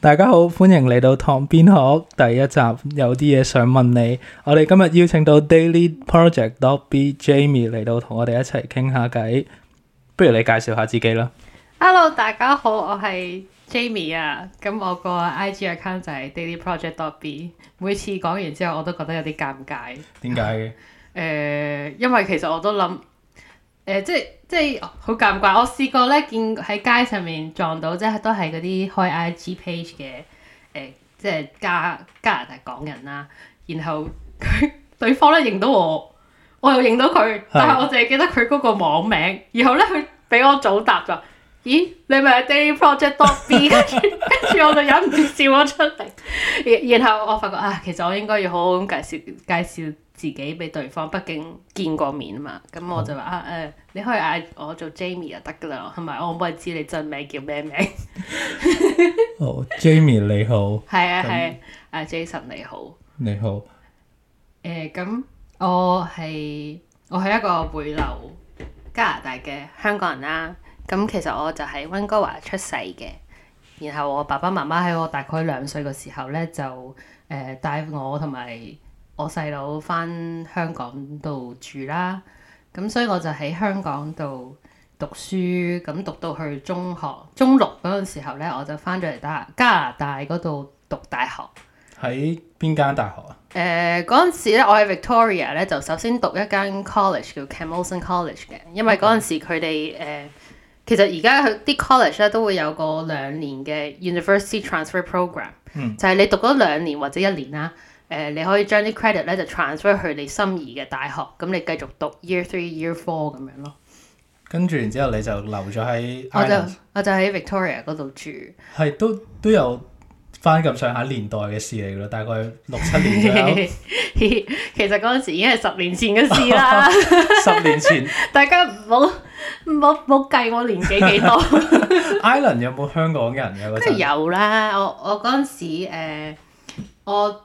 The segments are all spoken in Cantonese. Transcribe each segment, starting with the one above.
大家好，歡迎嚟到唐邊學第一集，有啲嘢想問你。我哋今日邀請到 Daily Project dot B Jamie 嚟到同我哋一齊傾下偈，不如你介紹下自己啦。Hello，大家好，我係 Jamie 啊。咁、嗯、我個 IG account 就係 Daily Project dot B。每次講完之後，我都覺得有啲尷尬。點解嘅？誒、啊呃，因為其實我都諗。誒、呃、即係即係好尷尬，我試過咧見喺街上面撞到，即係都係嗰啲開 IG page 嘅誒、呃，即係加加拿大港人啦、啊。然後佢對方咧認到我，我又認到佢，的但係我淨係記得佢嗰個網名。然後咧佢俾我組答咗咦，你咪係 Dailyproject.b？跟住跟住我就忍唔住笑咗出嚟。然然後我發覺啊，其實我應該要好好咁介紹介紹自己俾對方，畢竟見過面啊嘛，咁我就話好啊誒，你可以嗌我做 Jamie 就得噶啦，同埋我唔會知你真名叫咩名。好、 oh,，Jamie 你好。係啊係啊，阿那、啊、Jason 你好。你好。誒、呃，咁我係我係一個回流加拿大嘅香港人啦、啊。咁其實我就喺温哥華出世嘅，然後我爸爸媽媽喺我大概兩歲嘅時候咧，就誒、呃、帶我同埋。我細佬翻香港度住啦，咁所以我就喺香港度讀書，咁讀到去中學中六嗰陣時候咧，我就翻咗嚟加加拿大嗰度讀大學。喺邊間大學啊？誒、呃，嗰陣時咧，我喺 Victoria 咧，就首先讀一間 college，叫 college 叫 Camosun College 嘅，因為嗰陣時佢哋誒，其實而家佢啲 college 咧都會有個兩年嘅 University Transfer Program、嗯、就係你讀咗兩年或者一年啦。誒、呃，你可以將啲 credit 咧就 transfer 去你心儀嘅大學，咁、嗯、你繼續讀 year three、year four 咁樣咯。跟住然之後，你就留咗喺 Island，我就我就喺 Victoria 嗰度住。係都都有翻咁上下年代嘅事嚟咯，大概六七年。 其實嗰陣時已經係十年前嘅事啦。 十年前， 大家唔好唔好唔好計我年紀幾多多。 Island 有冇香港人嘅？即係有啦，我我嗰陣時誒我。我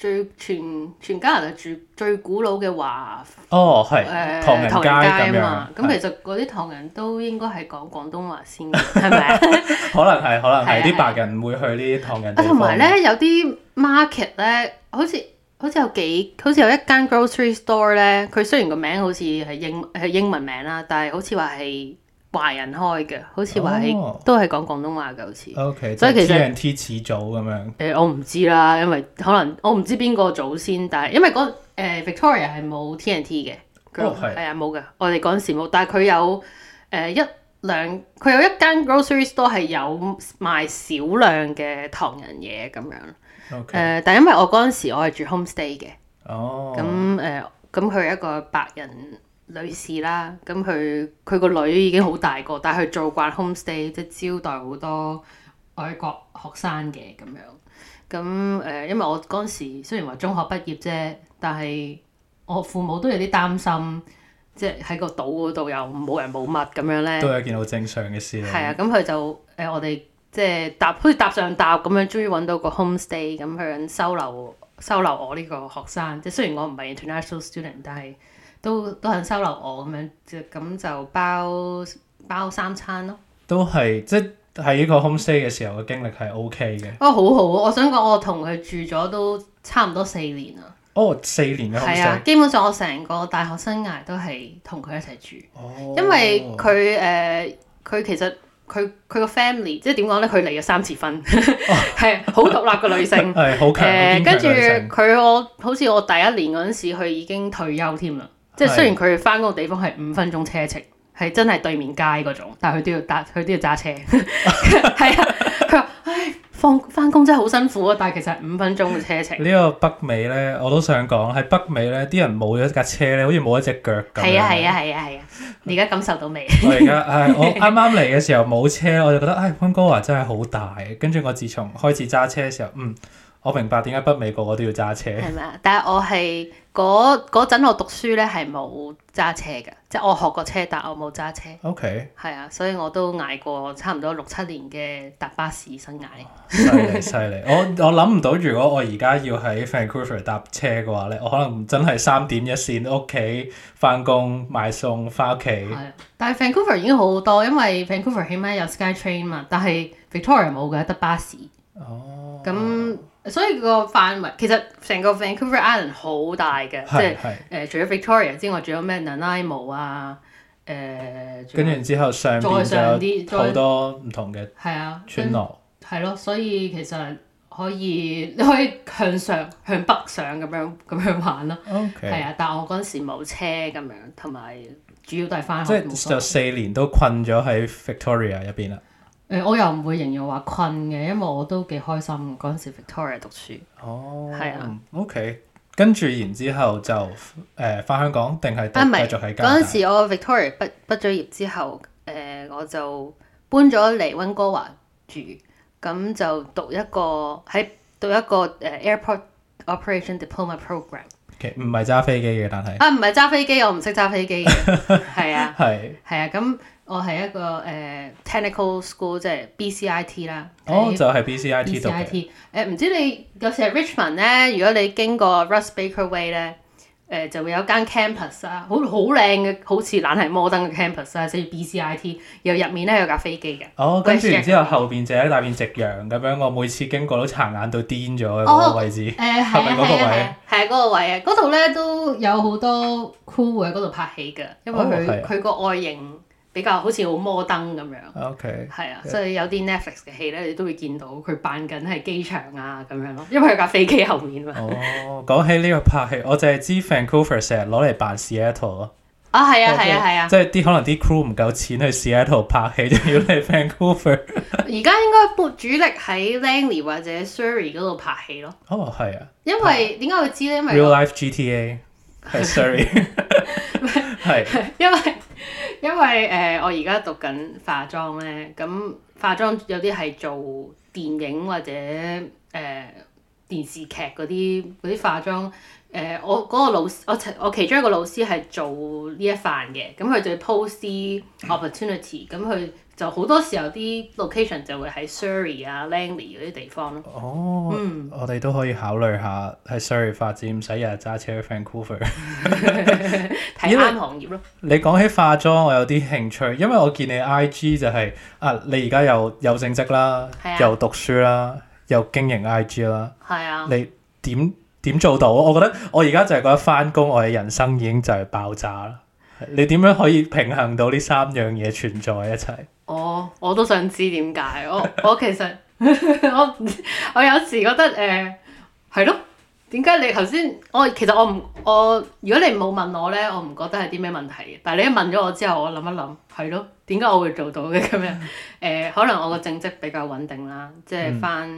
最全全加拿大住最古老嘅華哦係、呃、唐人街吖嘛。咁其實嗰啲唐人都應該係講廣東話先，係咪？可能係，可能係啲是白人會去呢啲唐人。啊，同埋咧，有啲 market 咧，好似好似有幾，好似有一間 grocery store 咧，佢雖然個名好似係英係英文名啦，但係好似話係。華人開嘅，好似話係都係講廣東話嘅，好似、oh. Okay,。O K，即係 T N T 始祖咁樣。誒、呃，我唔知啦，因為可能我唔知邊個祖先，但係因為誒、呃、Victoria 係冇 T N T 嘅，佢係啊冇嘅。我哋嗰陣時冇，但係佢有誒一兩，佢有一間 grocery store 都係有賣少量嘅唐人嘢，咁樣。O K，誒，但因為我嗰陣時我係住 homestay 嘅，哦、oh.，咁、呃、誒，咁佢係一個白人女士啦，咁佢佢個女已經好大個，但係佢做慣 home stay，即係招待好多外國學生嘅咁樣。咁、嗯、誒、嗯，因為我嗰陣時雖然話中學畢業啫，但係我父母都有啲擔心，即係喺個島嗰度又冇人冇物咁樣咧。都係一件好正常嘅事嚟。係啊，咁、嗯、佢、嗯嗯、就誒、呃，我哋即係搭好似搭上搭咁樣，終於揾到個 home stay，咁佢肯收留收留我呢個學生。即係雖然我唔係 international student，但係。都都肯收留我咁樣，就咁就包包三餐咯。都係即係喺呢個 home stay 嘅時候嘅經歷係 OK 嘅。哦，好好，我想講我同佢住咗都差唔多四年啦。哦，四年啊，係啊，基本上我成個大學生涯都係同佢一齊住。哦。因為佢誒，佢、呃，其實佢佢個 family 即係點講咧？佢離咗三次婚，係好獨立嘅女性。誒，好強，跟住佢我好似我第一年嗰陣時，佢已經退休添啦。即係雖然佢翻工嘅地方係五分鐘車程，係真係對面街嗰種，但係佢都要搭，佢都要揸車。係啊，佢話：唉，放翻工真係好辛苦啊！但係其實五分鐘嘅車程。呢個北美咧，我都想講喺北美咧，啲人冇咗架車咧，好似冇一隻腳咁。係啊係啊係啊係啊！你而家感受到未？ 我而家誒，我啱啱嚟嘅時候冇車，我就覺得唉，溫哥華真係好大。跟住我自從開始揸車嘅時候，嗯，我明白點解北美個個都要揸車。係咪？但係我係。嗰陣我讀書咧係冇揸車嘅，即係我學過車搭，但我冇揸車。OK。係啊，所以我都捱過差唔多六七年嘅搭巴士生涯。犀利犀利！我我諗唔到，如果我而家要喺 Vancouver 搭車嘅話咧，我可能真係三點一線，屋企、返工、買餸、返屋企。係啊，但係 Vancouver 已經好多，因為 Vancouver 起碼有 SkyTrain 嘛，但係 Victoria 冇嘅，得巴士。哦。咁。所以個範圍其實成個 Vancouver Island 好大嘅，係即係誒、呃、除咗 Victoria 之外，仲有咩 Nanaimo 啊，誒、呃、跟住之後上邊就有好多唔同嘅係啊村落。係咯、啊，所以其實可以你可以向上向北上咁樣咁樣玩咯。OK。係啊，但係我嗰陣時冇車咁樣，同埋主要都係返學即係就四年都困咗喺 Victoria 入邊啦。誒、哎，我又唔會形容話困嘅，因為我都幾開心嘅嗰陣時 Vict。Victoria 讀書，哦，係啊。O、okay. K，跟住然之後就誒、呃、返香港，定係唔係？繼續喺嗰、啊、時我，我 Victoria 畢畢咗業之後，誒、呃、我就搬咗嚟溫哥華住，咁就讀一個喺讀一個誒 Airport Operation Diploma Program。唔係揸飛機嘅，但係啊，唔係揸飛機，我唔識揸飛機嘅，係 啊，係是，係啊，咁、嗯。我係一個誒 technical school，即係 BCIT 啦。哦，就係 BCIT 度嘅。誒唔知你有時喺 Richmond 咧，如果你經過 Russ Baker Way 咧，誒就會有間 campus 啊，好好靚嘅，好似懶係摩登嘅 campus 啊，即係 BCIT。然後入面咧有架飛機嘅。哦，跟住然之後後邊就喺一大片夕陽咁樣，我每次經過都殘眼到癲咗嘅嗰個位置。誒係咪係啊？係啊，係嗰個位啊，嗰度咧都有好多 cool 喺嗰度拍戲㗎，因為佢佢個外形。比較好似好摩登咁樣，OK，係啊，所以有啲 Netflix 嘅戲咧，你都會見到佢扮緊係機場啊咁樣咯，因為佢架飛機後面嘛。哦，講起呢個拍戲，我就係知 Vancouver 成日攞嚟扮 Seattle 咯。啊，係啊，係啊，係啊。即係啲可能啲 crew 唔夠錢去 Seattle 拍戲，就要嚟 Vancouver。而家應該撥主力喺 Langley 或者 Surrey 嗰度拍戲咯。哦，係啊。因為點解會知咧？因為 Real Life GTA。係，sorry。係， 因為因為誒，我而家讀緊化妝咧，咁、嗯、化妝有啲係做電影或者誒、呃、電視劇嗰啲嗰啲化妝。誒、呃，我嗰、嗰個老師，我我其中一個老師係做呢一範嘅，咁佢就 post opportunity，咁佢。嗯就好多時候啲 location 就會喺 Surrey 啊、Langley 嗰啲地方咯。哦，嗯、我哋都可以考慮下喺 Surrey 發展，唔使日日揸車去 Vancouver 睇返行業咯。你講起化妝，我有啲興趣，因為我見你 IG 就係、是、啊，你而家又有正職啦，又、啊、讀書啦，又經營 IG 啦。係啊。你點點做到？嗯、我覺得我而家就係覺得翻工，我嘅人生已經就係爆炸啦。你點樣可以平衡到呢三樣嘢存在一齊？我我都想知點解。我我其實 我我有時覺得誒係、呃、咯，點解你頭先我其實我唔我如果你冇問我咧，我唔覺得係啲咩問題嘅。但係你一問咗我之後，我諗一諗係咯，點解我會做到嘅咁樣？誒、呃，可能我個正職比較穩定啦，即係返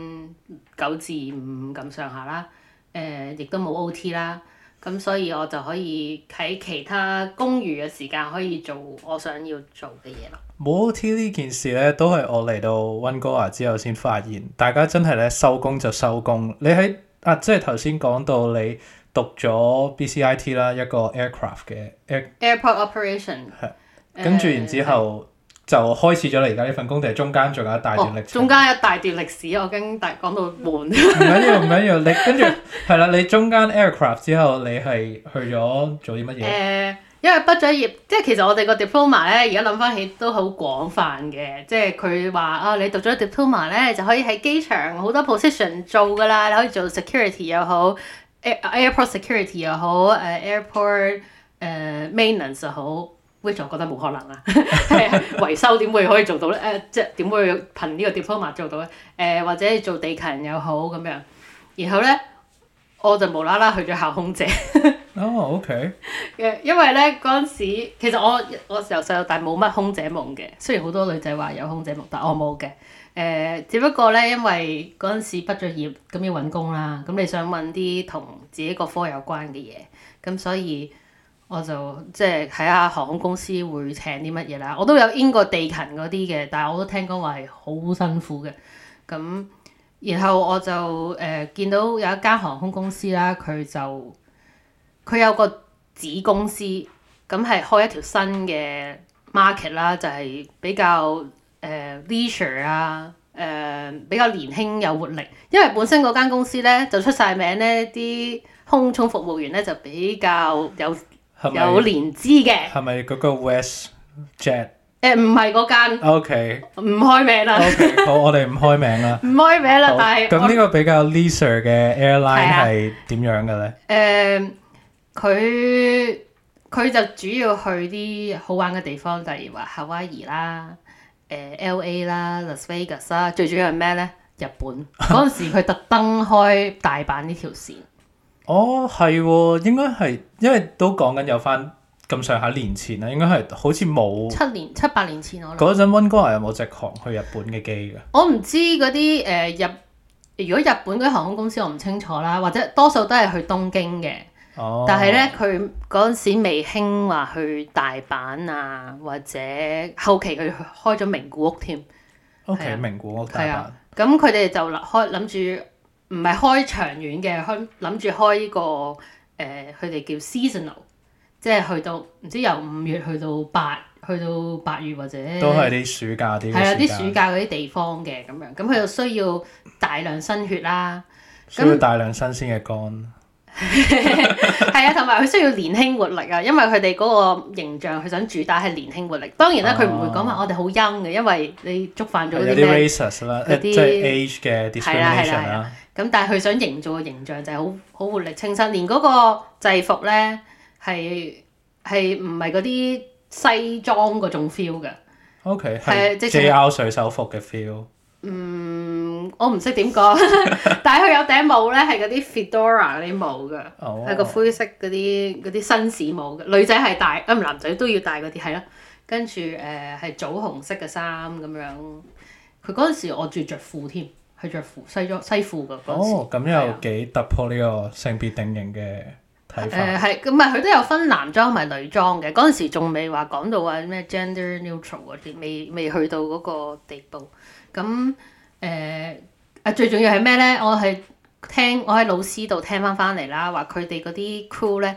九至五咁上下啦。誒、嗯，亦都冇 OT 啦。咁所以我就可以喺其他公餘嘅時間可以做我想要做嘅嘢咯。冇 OT 呢件事咧，都係我嚟到溫哥華之後先發現。大家真係咧，收工就收工。你喺啊，即係頭先講到你讀咗 BCIT 啦，一個 aircraft 嘅 air airport operation，係跟住然之後，uh，然後。Yeah. 就開始咗啦！而家呢份工，定係中間仲有一大段歷中間一大段歷史，哦、歷史我跟大家講到悶唔緊要，唔緊要。你跟住係啦，你中間 aircraft 之後，你係去咗做啲乜嘢？誒、呃，因為畢咗業，即係其實我哋個 diploma 咧，而家諗翻起都好廣泛嘅。即係佢話啊，你讀咗 diploma 咧，就可以喺機場好多 position 做㗎啦。你可以做 security 又好，air airport security 又好，誒 airport 誒 maintenance 又好。我就覺得冇可能啊， 維修點會可以做到咧？誒，即係點會憑呢個 Diploma 做到咧？誒、呃，或者做地勤又好咁樣。然後咧，我就無啦啦去咗考空姐。哦、 oh，OK。誒，因為咧嗰陣時，其實我我由細到大冇乜空姐夢嘅。 雖然好多女仔話有空姐夢，但我冇嘅。誒、呃，只不過咧，因為嗰陣時畢咗業，咁要揾工啦。咁你想揾啲同自己個科有關嘅嘢，咁所以。我就即係睇下航空公司會請啲乜嘢啦。我都有 in 過地勤嗰啲嘅，但係我都聽講話係好辛苦嘅。咁，然後我就誒、呃、見到有一間航空公司啦，佢就佢有個子公司，咁、嗯、係開一條新嘅 market 啦，就係比較誒 leisure 啊，誒、呃呃、比較年輕有活力，因為本身嗰間公司咧就出晒名咧，啲空中服務員咧就比較有。係係有廉支嘅，係咪嗰個 WestJet？誒唔係、呃、嗰間。OK，唔開名啦。 o、okay, K，好，我哋唔開名啦。唔 開名啦，好但係咁呢個比較 leisure 嘅 airline 係點樣嘅咧？誒、呃，佢佢就主要去啲好玩嘅地方，例如話夏威夷啦、誒、呃、L A 啦、Las Vegas 啦，最主要係咩咧？日本嗰陣 時佢特登開大阪呢條線。哦，係，應該係，因為都講緊有翻咁上下年前啦，應該係好似冇七年七八年前我，我嗰陣溫哥華有冇直航去日本嘅機㗎？我唔知嗰啲誒日，如果日本嗰啲航空公司我唔清楚啦，或者多數都係去東京嘅。哦，但係呢，佢嗰陣時未興話去大阪啊，或者後期佢開咗名古屋添。哦 Okay，係，係名古屋。係啊，咁佢哋就開諗住。唔係開長遠嘅，開諗住開呢、這個誒，佢、呃、哋叫 seasonal，即係去到唔知由五月去到八，去到八月或者都係啲暑假啲係啊，啲暑假嗰啲地方嘅咁樣，咁佢又需要大量新血啦，需要大量新鮮嘅肝。咁係 啊，同埋佢需要年輕活力啊，因為佢哋嗰個形象，佢想主打係年輕活力。當然啦，佢唔會講話我哋好陰嘅，因為你觸犯咗啲咩？啲即係 age 嘅 discrimination 啦。咁、啊啊啊、但係佢想營造嘅形象就係好好活力清新，連嗰個制服咧係係唔係嗰啲西裝嗰種 feel 嘅？OK 係 J R 水手服嘅 feel。嗯。我唔識點講，但係佢有頂帽咧，係嗰啲 Fedora 嗰啲帽噶，係個灰色嗰啲嗰啲紳士帽。女仔係戴，咁男仔都要戴嗰啲，係咯。跟住誒係棗紅色嘅衫咁樣。佢嗰陣時我住着褲添，係着褲西裝西褲噶嗰時。哦，咁又幾突破呢個性別定型嘅睇法。誒係、啊，唔係佢都有分男裝同埋女裝嘅。嗰陣時仲未話講到話咩 gender neutral 嗰啲，未未去到嗰個地步。咁。誒啊、呃！最重要係咩咧？我係聽我喺老師度聽翻翻嚟啦，話佢哋嗰啲 crew 咧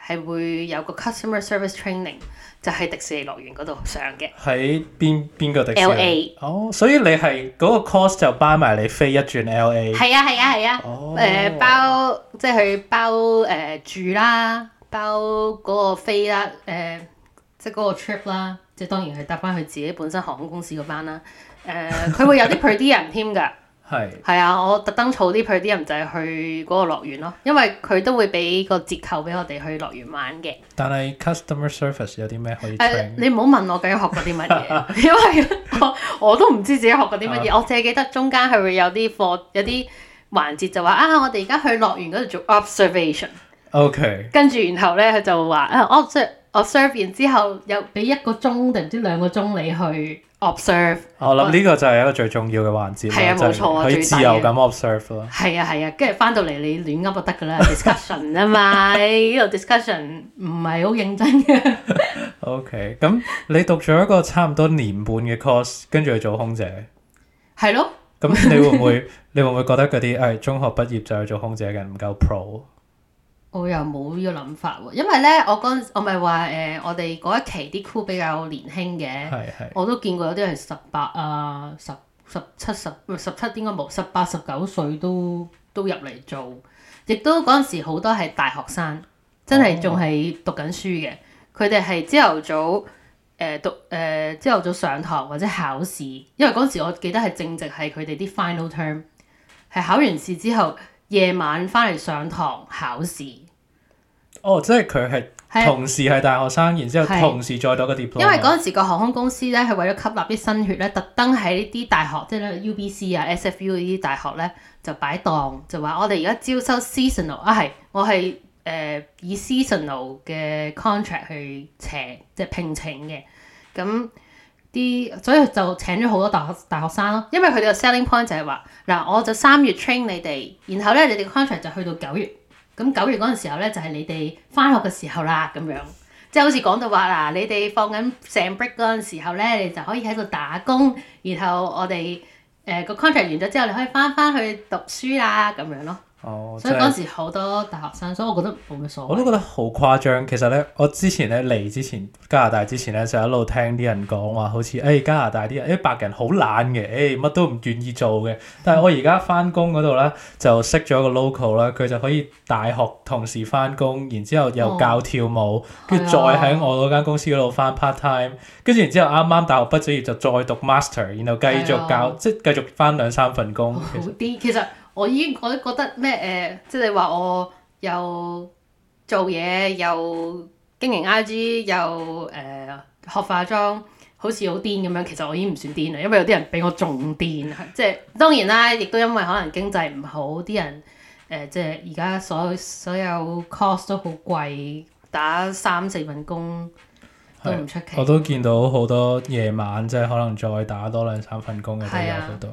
係會有個 customer service training，就喺迪士尼樂園嗰度上嘅。喺邊邊個迪士尼？L A。哦 LA，oh，所以你係嗰個 course 就包埋你飛一轉 L A。係啊係啊係啊！誒、啊啊 oh 呃、包即係去包誒、呃、住啦，包嗰個飛啦，誒、呃、即係嗰個 trip 啦，即係當然係搭翻佢自己本身航空公司嗰班啦。誒，佢、 呃、會有啲陪啲人添㗎，係係 是啊！我特登儲啲陪啲人就係去嗰個樂園咯，因為佢都會俾個折扣俾我哋去樂園玩嘅。但係 customer service 有啲咩可以？誒、呃，你唔好問我究竟學過啲乜嘢， 因為我，我都唔知自己學過啲乜嘢， 我淨係記得中間係會有啲課，有啲環節就話啊，我哋而家去樂園嗰度做 observation。OK。跟住然後咧，佢就話啊，我 observe 我 observe 完之後有俾一個鐘定唔知兩個鐘你去。observe，我諗呢個就係一個最重要嘅環節。係啊，冇錯，了啊。佢自由咁 observe 咯。係啊係啊，跟住翻到嚟你亂噏就得噶啦，discussion 啊嘛，呢度 discussion 唔係好認真嘅。 OK，咁你讀咗一個差唔多年半嘅 course，跟住去做空姐，係咯。咁你會唔會，你會唔會覺得嗰啲誒，中學畢業就去做空姐嘅唔夠 pro？我又冇呢個諗法喎，因為咧，我嗰陣我咪話誒，我哋嗰、呃、一期啲 cool 比較年輕嘅，係係我都見過有啲係十八啊，十十七十十七應該冇，十八十九歲都都入嚟做，亦都嗰陣時好多係大學生，真係仲係讀緊書嘅，佢哋係朝頭早誒讀誒朝頭早上堂、呃呃、或者考試，因為嗰陣時我記得係正值係佢哋啲 final term，係考完試之後。夜晚翻嚟上堂考試哦，即係佢係同時係大學生，的然之後同時再讀個 diploma，因為嗰陣時個航空公司咧係為咗吸納啲新血咧，特登喺啲大學，即係咧 U B C 啊、S F U 呢啲大學咧就擺檔，就話我哋而家招收 seasonal 啊，係我係誒、呃、以 seasonal 嘅 contract 去請即係聘請嘅咁。嗯啲，所以就請咗好多大學大學生咯，因為佢哋個 selling point 就係話，嗱，我就三月 train 你哋，然後咧你哋 contract 就去到九月，咁九月嗰陣時候咧就係、是、你哋翻學嘅時候啦，咁樣，即係好似講到話，嗱，你哋放緊成 break 嗰陣時候咧，你就可以喺度打工，然後我哋誒個 contract 完咗之後，你可以翻翻去讀書啦，咁樣咯。哦，所以嗰時好多大學生，所以我覺得冇咩所謂。我都覺得好誇張。其實咧，我之前咧嚟之前加拿大之前咧，就一路聽啲人講話，好似誒、哎、加拿大啲人啲、哎、白人好懶嘅，誒、哎、乜都唔願意做嘅。但係我而家翻工嗰度咧，就識咗一個 local 啦，佢就可以大學同時翻工，然之後又教跳舞，跟住、哦、再喺我嗰間公司嗰度翻 part time，跟住然之後啱啱大學畢咗業就再讀 master，然後繼續教，即係繼續翻兩三份工。好啲，其實。其實我已經我都覺得咩誒，即係你話我又做嘢又經營 IG 又誒、呃、學化妝，好似好癲咁樣。其實我已經唔算癲啦，因為有啲人比我仲癲。即係當然啦，亦都因為可能經濟唔好，啲人誒即係而家所有所有 cost 都好貴，打三四份工都唔出奇。我都見到好多夜晚即係可能再打多兩三份工嘅都有好多。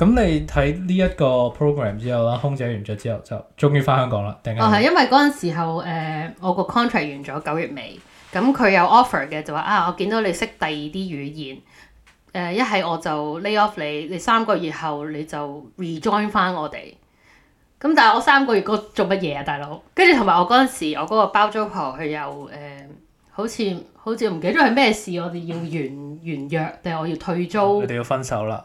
咁你睇呢一個 program 之後啦，空姐完咗之後就終於翻香港啦。定係？哦，係因為嗰陣時候，誒、呃、我個 contract 完咗九月尾，咁、嗯、佢有 offer 嘅，就話、是、啊，我見到你識第二啲語言，誒一係我就 lay off 你，你三個月後你就 rejoin 翻我哋。咁、嗯、但係我三個月嗰做乜嘢啊，大佬？跟住同埋我嗰陣時，我嗰個包租婆佢又誒，好似好似唔記得係咩事，我哋要完完約，定係我要退租。佢哋、嗯、要分手啦。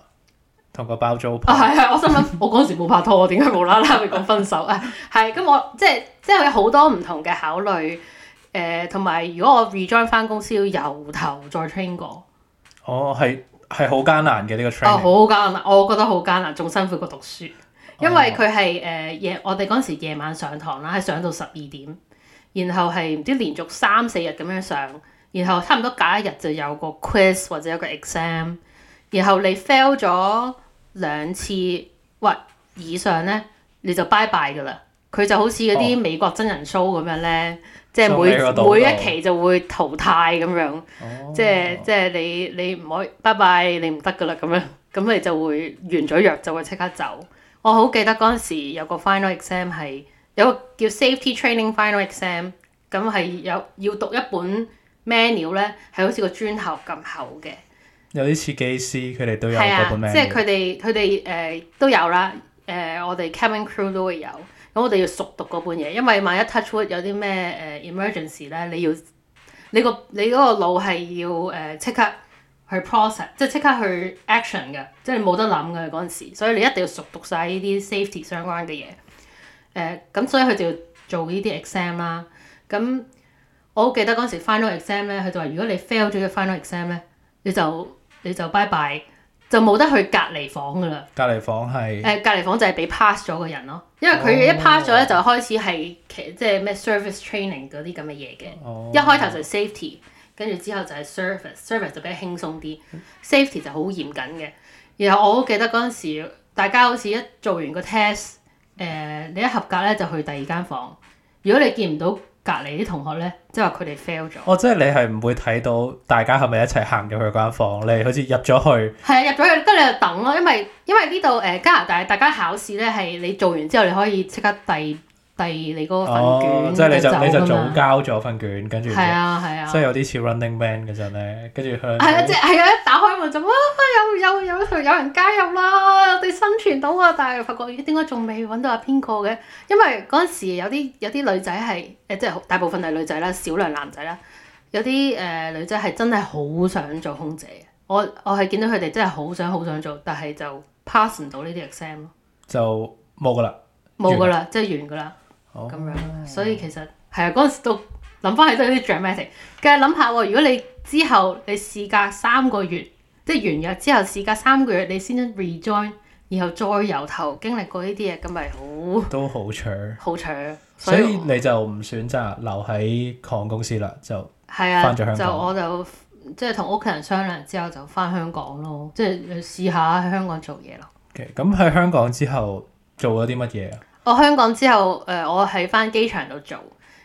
同個包租婆啊，係係，我心諗我嗰陣時冇拍拖，我點解無啦啦咪講分手 啊？係，咁我即係即係有好多唔同嘅考慮，誒、這個，同埋如果我 rejoin 翻公司要由頭再 train 過，哦，係係好艱難嘅呢個 train，哦，好艱難，我覺得好艱難，仲辛苦過讀書，因為佢係誒夜，我哋嗰陣時夜晚上堂啦，係上到十二點，然後係唔知連續三四日咁樣上，然後差唔多隔一日就有個 quiz 或者有個 exam，然後你 fail 咗。兩次或以上呢，你就拜拜 e b 噶啦。佢就好似嗰啲美國真人 show 咁樣呢，oh. 即係每每一期就會淘汰咁樣，oh. 即係即係你你唔可 b 拜，e 你唔得噶啦咁樣，咁你就會完咗約就會即刻走。我好記得嗰陣時有個 final exam 係有個叫 safety training final exam，咁係有要讀一本 manual 呢，l 係好似個磚頭咁厚嘅。有啲似機師，佢哋都有嗰本、啊、即係佢哋佢哋誒都有啦。誒、呃，我哋 Cabin Crew 都會有。咁我哋要熟讀嗰本嘢，因為萬一 Touch Wood 有啲咩誒 emergency 咧，你，你要你個你嗰個腦係要誒即刻去 process，即係即刻去 action 㗎，即係冇得諗㗎嗰陣時。所以你一定要熟讀晒呢啲 safety 相關嘅嘢。誒、呃，咁所以佢就要做呢啲 exam 啦。咁我好記得嗰陣時 final exam 咧，佢就話：如果你 fail 咗嘅 final exam 咧，你就你就拜拜，就冇得去隔離房㗎喇、呃。隔離房係誒隔離房就係俾 pass 咗嘅人咯，因為佢一 pass 咗咧、哦、就開始係即係咩 service training 嗰啲咁嘅嘢嘅。哦、一開頭就係 safety，跟住之後就係 service，service 就比較輕鬆啲、嗯、safety 就好嚴謹嘅。然後我好記得嗰陣時大家好似一做完個 test，誒、呃、你一合格咧就去第二間房，如果你見唔到，隔離啲同學咧，就是 oh, 即係話佢哋 fail 咗。哦，即係你係唔會睇到大家係咪一齊行咗去間房？你好似入咗去，係啊，入咗去，跟住你就等咯。因為因為呢度誒，加拿大，大家考試咧，係你做完之後你可以即刻第。第二，你嗰份卷、哦、即係你就早交咗份卷。跟住，係啊係啊，即係、啊、有啲似 running man 嗰陣咧，跟住向係啊，即係啊，一、啊、打開門就哇，有有有有人加入啦，我哋生存到啊，但係發覺點解仲未揾到阿邊個嘅？因為嗰陣時有啲有啲女仔係誒，即係大部分係女仔啦，少量男仔啦，有啲誒、呃、女仔係真係好想做空姐，我我係見到佢哋真係好想好想做，但係就 pass 唔到呢啲 exam 咯，就冇噶啦，冇噶啦，即係完噶啦。咁、哦、樣，嗯、所以其實係啊，嗰陣時都諗翻起都有啲 dramatic。梗係諗下喎，如果你之後你事隔三個月，即係完約之後事隔三個月，你先 rejoin，然後再由頭經歷過呢啲嘢，咁咪好都好長，好長。所以，所以你就唔選擇留喺礦公司啦，就係啊，翻咗香港就我就即係同屋企人商量之後，就翻香港咯，即係試下喺香港做嘢咯。OK，咁喺香港之後做咗啲乜嘢啊？我香港之後，誒、呃，我喺翻機場度做，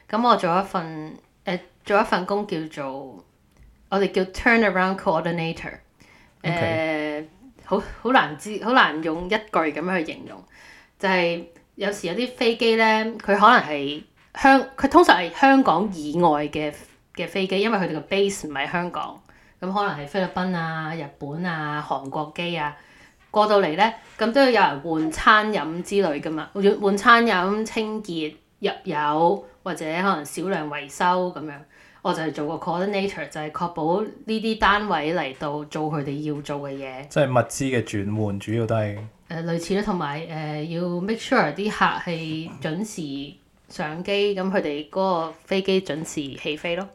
咁我做一份誒、呃，做一份工叫做我哋叫 turnaround coordinator，誒、呃，好好 Okay. 難知，好難用一句咁樣去形容，就係、是、有時有啲飛機咧，佢可能係香，佢通常係香港以外嘅嘅飛機，因為佢哋嘅 base 唔係香港，咁可能係菲律賓啊、日本啊、韓國機啊。過到嚟咧，咁都要有人換餐飲之類㗎嘛，換換餐飲、清潔、入油或者可能少量維修咁樣。我就係做個 coordinator，就係確保呢啲單位嚟到做佢哋要做嘅嘢。即係物資嘅轉換，主要都係。誒、呃，類似啦，同埋誒要 make sure 啲客係準時上機，咁佢哋嗰個飛機準時起飛咯。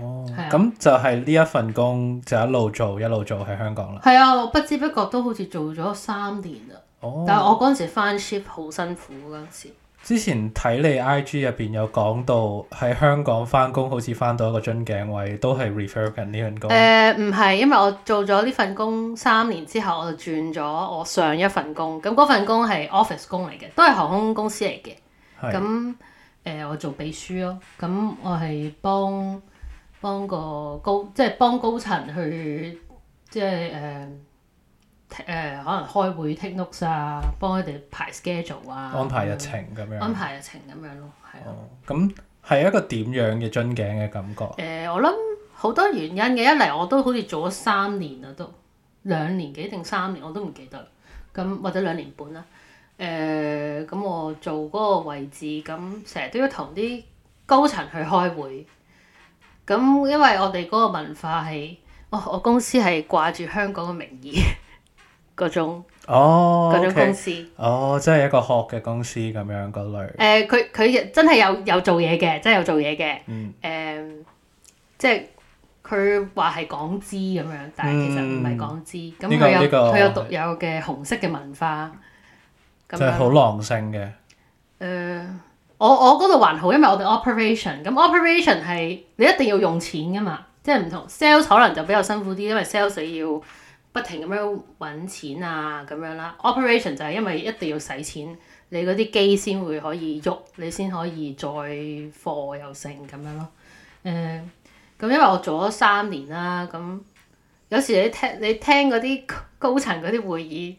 哦，係咁、啊、就係呢一份工就一路做一路做喺香港啦。係啊，我不知不覺都好似做咗三年啦。哦，但係我嗰陣時翻 shift 好辛苦嗰陣時。之前睇你 I G 入邊有講到喺香港翻工，好似翻到一個樽頸位，都係 refer 緊呢份工。誒、呃，唔係，因為我做咗呢份工三年之後，我就轉咗我上一份工。咁嗰份工係 office 工嚟嘅，都係航空公司嚟嘅。係是。咁誒、呃，我做秘書咯。咁我係幫。幫個高，即係幫高層去，即係誒誒可能開會 take notes 啊，幫佢哋排 schedule 啊，安排日程咁樣，嗯、安排日程咁樣咯，係啊。咁係、哦、一個點樣嘅樽頸嘅感覺？誒、呃，我諗好多原因嘅。一嚟我都好似做咗三年啦，都兩年幾定三年我都唔記得。咁、嗯、或者兩年半啦。誒、呃，咁我做嗰個位置，咁成日都要同啲高層去開會，咁因為我哋嗰個文化係，我、哦、我公司係掛住香港嘅名義，嗰 種哦嗰種公司，哦、okay. oh, 即係一個學嘅公司咁樣嗰類。佢佢、呃、真係有有做嘢嘅，真係有做嘢嘅。嗯、呃、即係佢話係港資咁樣，但係其實唔係港資。咁佢有佢、這個、有獨是有嘅紅色嘅文化，咁即係好狼性嘅。誒、呃。我我嗰度還好，因為我哋 operation 咁 operation 係你一定要用錢噶嘛，即係唔同 sales 可能就比較辛苦啲，因為 sales 要不停咁樣揾錢啊咁樣啦。operation 就係因為一定要使錢，你嗰啲機先會可以喐，你先可以再貨又剩咁樣咯。誒、呃，咁因為我做咗三年啦，咁有時你聽你聽嗰啲高層嗰啲會議，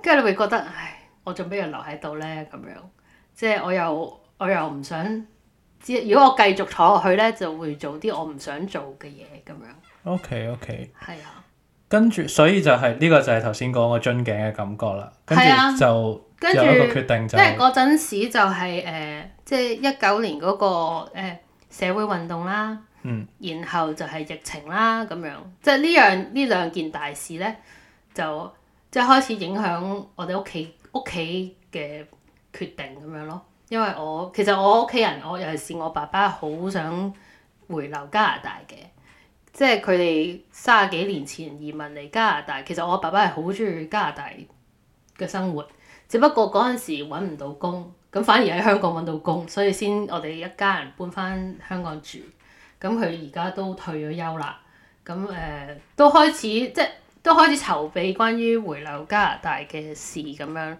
跟住你會覺得唉，我做咩要留喺度咧？咁樣即係我又～我又唔想，如果我繼續坐落去咧，就會做啲我唔想做嘅嘢咁樣。O K O K，係啊，跟住所以就係呢個就係頭先講個樽頸嘅感覺啦。跟住就有一個決定、就係，因為嗰陣時就係、係、誒、呃，即係一九年嗰、嗰個、呃、社會運動啦，嗯，然後就係疫情啦咁樣，即係呢樣呢兩件大事咧，就即係開始影響我哋屋企屋企嘅決定咁樣咯。因為我其實我屋企人，我尤其是我爸爸好想回流加拿大嘅，即係佢哋三十幾年前移民嚟加拿大。其實我爸爸係好中意加拿大嘅生活，只不過嗰陣時揾唔到工，咁反而喺香港揾到工，所以先我哋一家人搬返香港住。咁佢而家都退咗休啦，咁誒、呃、都開始即係都開始籌備關於回流加拿大嘅事咁樣。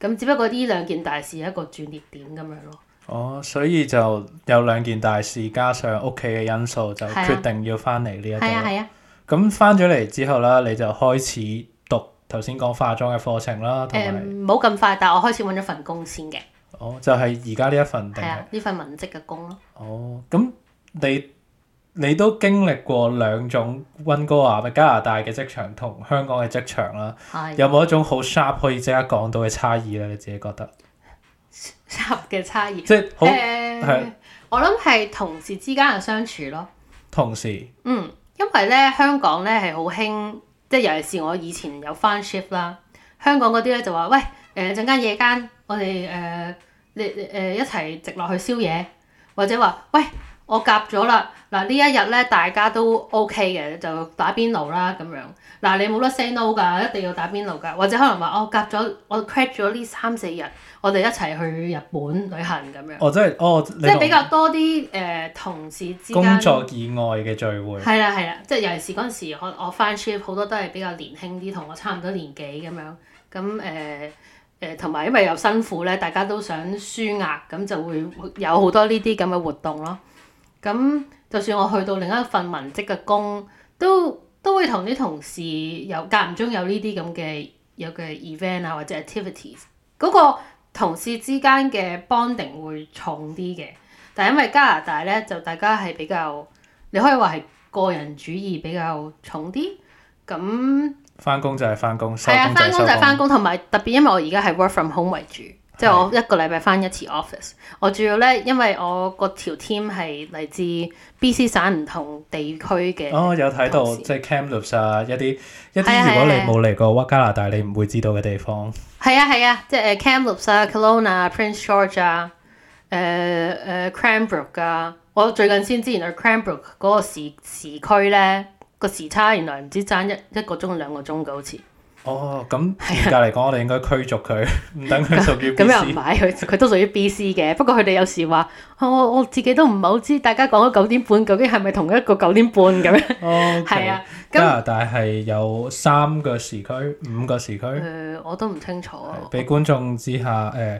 咁只不過呢兩件大事係一個轉捩點咁樣咯。哦，所以就有兩件大事，加上屋企嘅因素，就決定要翻嚟呢一度。係啊係啊。咁翻咗嚟之後啦，你就開始讀頭先講化妝嘅課程啦。同埋唔好咁快，但我開始揾咗份工先嘅。哦，就係而家呢一份。係啊，定係？呢份文職嘅工咯。哦，咁你。你都經歷過兩種溫哥華嘅加拿大嘅職場同香港嘅職場啦，哎、呀有冇一種好 sharp 可以即刻講到嘅差異咧？你自己覺得 sharp 嘅差異，即係好？呃、是我諗係同事之間嘅相處咯。同事，嗯，因為咧香港咧係好興，即係尤其係我以前有翻 shift 啦，香港嗰啲咧就話喂，誒陣間夜間我哋誒、呃、你你、呃呃、一齊直落去宵夜，或者話喂。我夾咗啦嗱，呢一日咧大家都 O K 嘅，就打邊爐啦咁樣嗱，你冇得 say no 㗎，一定要打邊爐㗎，或者可能話我、哦、夾咗我 create 咗呢三四日，我哋一齊去日本旅行咁樣哦。哦，即係哦，即係比較多啲誒、呃、同事之間工作以外嘅聚會。係啦係啦，即係尤其是嗰陣時，我我 friend trip 好多都係比較年輕啲，同我差唔多年紀咁樣咁誒誒，同、嗯、埋、呃、因為又辛苦咧，大家都想舒壓，咁就會有好多呢啲咁嘅活動咯。咁就算我去到另一份文職嘅工，都都會同啲同事有間唔中有呢啲咁嘅有嘅 event 啊，或者 activities，嗰個同事之間嘅 bonding 會重啲嘅。但係因為加拿大咧就大家係比較，你可以話係個人主義比較重啲。咁翻工就係翻工，收工就收工。係啊、翻工就係翻工，同埋特別因為我而家係 work from home 為主。即係我一個禮拜返一次 office，我主要咧，因為我個條 team 係嚟自 BC 省唔同地區嘅。哦，有睇到，即係 Kamloops、啊、一啲一啲，如果你冇嚟過加拿大，你唔會知道嘅地方。係啊係啊，啊，即係、啊、Kamloops、Kelowna Prince George 啊，誒、呃、誒 Cranbrook、呃 ok、啊，我最近先之前去 Cranbrook、ok、嗰個時時區咧，個時差原來唔知爭一一個鐘兩個鐘嘅好似。哦，咁而家嚟講，我哋應該驅逐佢，唔等佢屬於。咁又唔係佢，佢都屬於 BC 嘅。不過佢哋有時話，我我自己都唔係好知，大家講咗九點半，究竟係咪同一個九點半咁樣？係啊，加拿大係有三個時區，五個時區。誒，我都唔清楚。俾觀眾知下誒。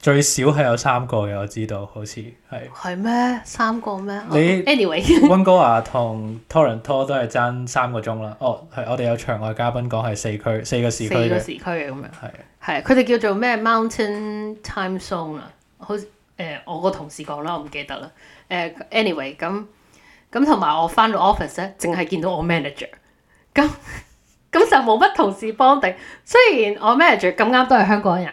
最少係有三個嘅，我知道，好似係。係咩？三個咩？你 anyway，溫哥華同 Toronto 都係爭三個鐘啦。 哦，係我哋有場外嘉賓講係四區，四個時區，四個時區嘅咁樣。係係是，佢哋叫做咩？Mountain Time Zone 啊，好似、呃，我個同事講啦，我唔記得啦。誒、呃、anyway，咁咁同埋我翻到 office 咧，淨係見到我 manager。咁咁 就冇乜同事幫定，雖然我 manager 咁啱都係香港人。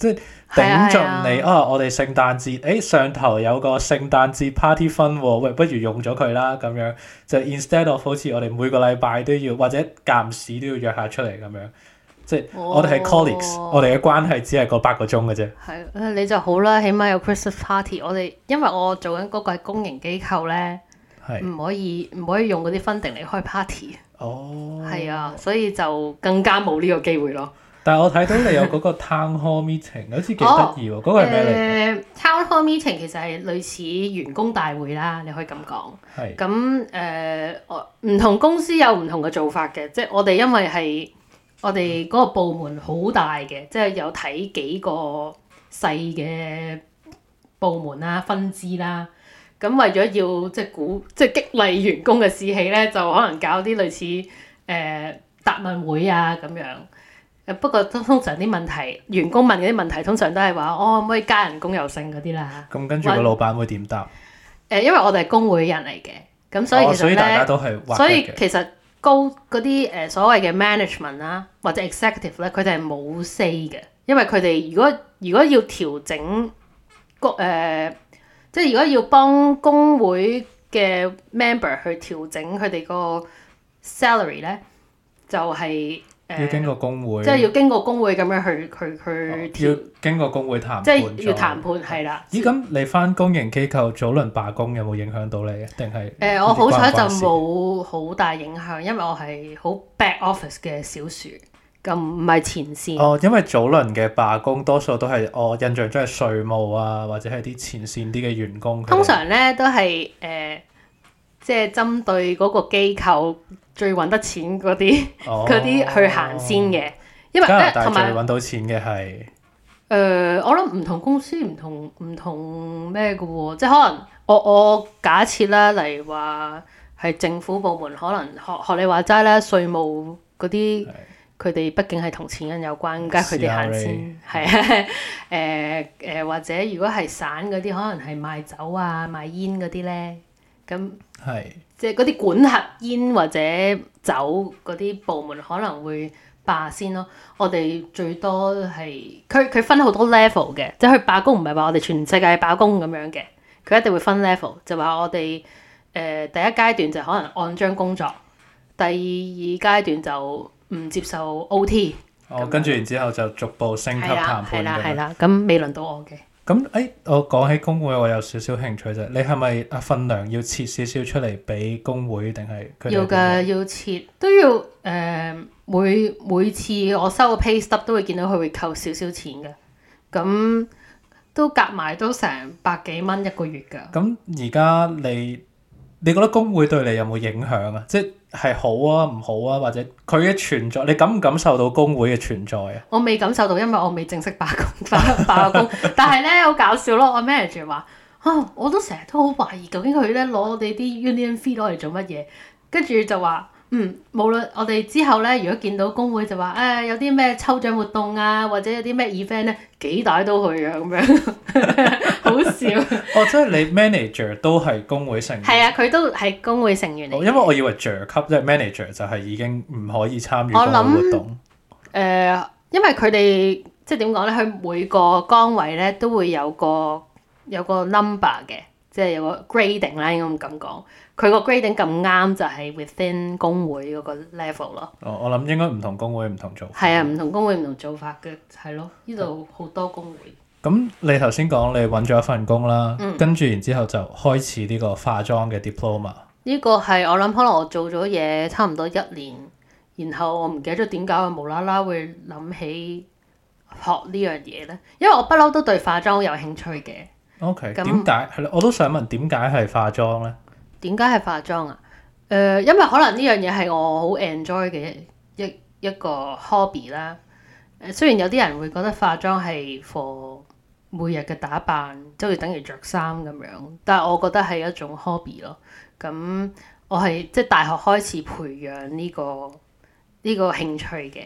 即係頂盡你啊，啊！我哋聖誕節，誒、欸、上頭有個聖誕節 party fund 喎，喂，不如用咗佢啦咁樣，就 instead of 好似我哋每個禮拜都要，或者間時都要約下出嚟咁樣。即係我哋係 colleagues、哦、我哋嘅關係只係個八個鐘嘅啫。係你就好啦，起碼有 Christmas party 我。我哋因為我做緊嗰個係公營機構咧，係唔可以唔可以用嗰啲 funding 嚟開 party。哦，係啊，所以就更加冇呢個機會咯。但係我睇到你有嗰個 town hall meeting， 好似幾得意喎。嗰、oh, 個係咩嚟？town hall meeting 其實係類似員工大會啦，你可以咁講。係是。咁誒，唔、uh, 同公司有唔同嘅做法嘅，即、就、係、是、我哋因為係我哋嗰個部門好大嘅，即、就、係、是、有睇幾個細嘅部門啦、分支啦。咁為咗要即係、就是、鼓即係、就是、激勵員工嘅士氣咧，就可能搞啲類似誒、呃、答問會啊咁樣。不過都通常啲問題，員工問嗰啲問題，通常都係話，我可唔可以加人工又升嗰啲啦。咁跟住個老闆會點答？誒，因為我哋係工會人嚟嘅，咁所以其實、哦、所以大家都係，所以其實高嗰啲誒所謂嘅 management 啦、啊，或者 executive 咧，佢哋係冇 say 嘅，因為佢哋如果如果要調整高即係如果要幫工會嘅 member 去調整佢哋個 salary 咧，就係、係。要經過工會，呃、即係要經過工會咁樣去去去、哦。要經過工會談判即係要談判係啦。咦？咁、啊、是你返公營機構早輪罷工有冇影響到你嘅？定係？誒、呃，我好彩就冇好大影響，因為我係好 back office 嘅小薯，咁唔係前線。哦，因為早輪嘅罷工多數都係我、哦、印象中係稅務啊，或者係啲前線啲嘅員工。通常呢都係誒。呃即係針對嗰個機構最揾得錢嗰啲嗰啲去行先嘅，因為同埋揾到錢嘅係誒，我諗唔同公司唔同唔同咩嘅喎，即係可能我我假設啦，例如話係政府部門，可能學學你話齋啦，稅務嗰啲佢哋畢竟係同錢銀有關，梗係佢哋行先係誒誒，或者如果係散嗰啲，可能係賣酒啊賣煙嗰啲咧咁。係，是即係嗰啲管轄煙或者酒嗰啲部門可能會先罷先咯。我哋最多係佢佢分好多 level 嘅，即係佢罷工唔係話我哋全世界罷工咁樣嘅，佢一定會分 level 就。就話我哋誒第一階段就可能按章工作，第二階段就唔接受 OT。哦，跟住然之後，後就逐步升級談判。係啦，係啦、啊，咁未、啊它啊啊啊、輪到我嘅。咁誒、嗯哎，我講起工會，我有少少興趣啫。你係咪啊？份糧要設少少出嚟畀工會，定係佢哋？要噶，要設都要誒、呃。每每次我收個 pay stub 都會見到佢會扣少少錢嘅。咁都夾埋都成百幾蚊一個月噶。咁而家你？你覺得工會對你有冇影響啊？即係好啊，唔好啊，或者佢嘅存在，你感唔感受到工會嘅存在啊？我未感受到，因為我未正式罷工，罷罷工。 但係咧，好搞笑咯，我 manager 話啊，我都成日都好懷疑究竟佢咧攞我哋啲 union fee 攞嚟做乜嘢？跟住就話。嗯，無論我哋之後咧，如果見到工會就話，誒、哎、有啲咩抽獎活動啊，或者有啲咩 event 咧，幾大都去啊，咁樣好笑。哦，即係你 manager 都係工會成員？係啊，佢都係工會成員嚟。因為我以為 j u、er，級即係 manager 就係已經唔可以參與活動。我諗誒、呃，因為佢哋即係點講咧，佢每個崗位咧都會有個有個 number 嘅。即係有個 grading 啦，應該咁講，佢個 grading 咁啱就係 within 工會嗰個 level 咯。哦，我諗應該唔同工會唔同做法。係啊，唔同工會唔同做法嘅，係咯、啊，呢度好多工會。咁、嗯、你頭先講你揾咗一份工啦，跟住然之後就開始呢個化妝嘅 diploma。呢、嗯呢個係我諗可能我做咗嘢差唔多一年，然後我唔記得咗點解我無啦啦會諗起學呢樣嘢呢？因為我不嬲都對化妝有興趣嘅。OK，點解係咧？那我都想問點解係化妝咧？點解係化妝啊？誒、呃，因為可能呢樣嘢係我好 enjoy 嘅一一,一個 hobby 啦。誒、呃，雖然有啲人會覺得化妝係 for 每日嘅打扮，即係等於着衫咁樣，但係我覺得係一種 hobby 咯。咁、嗯、我係即係大學開始培養呢、呢個呢、呢個興趣嘅。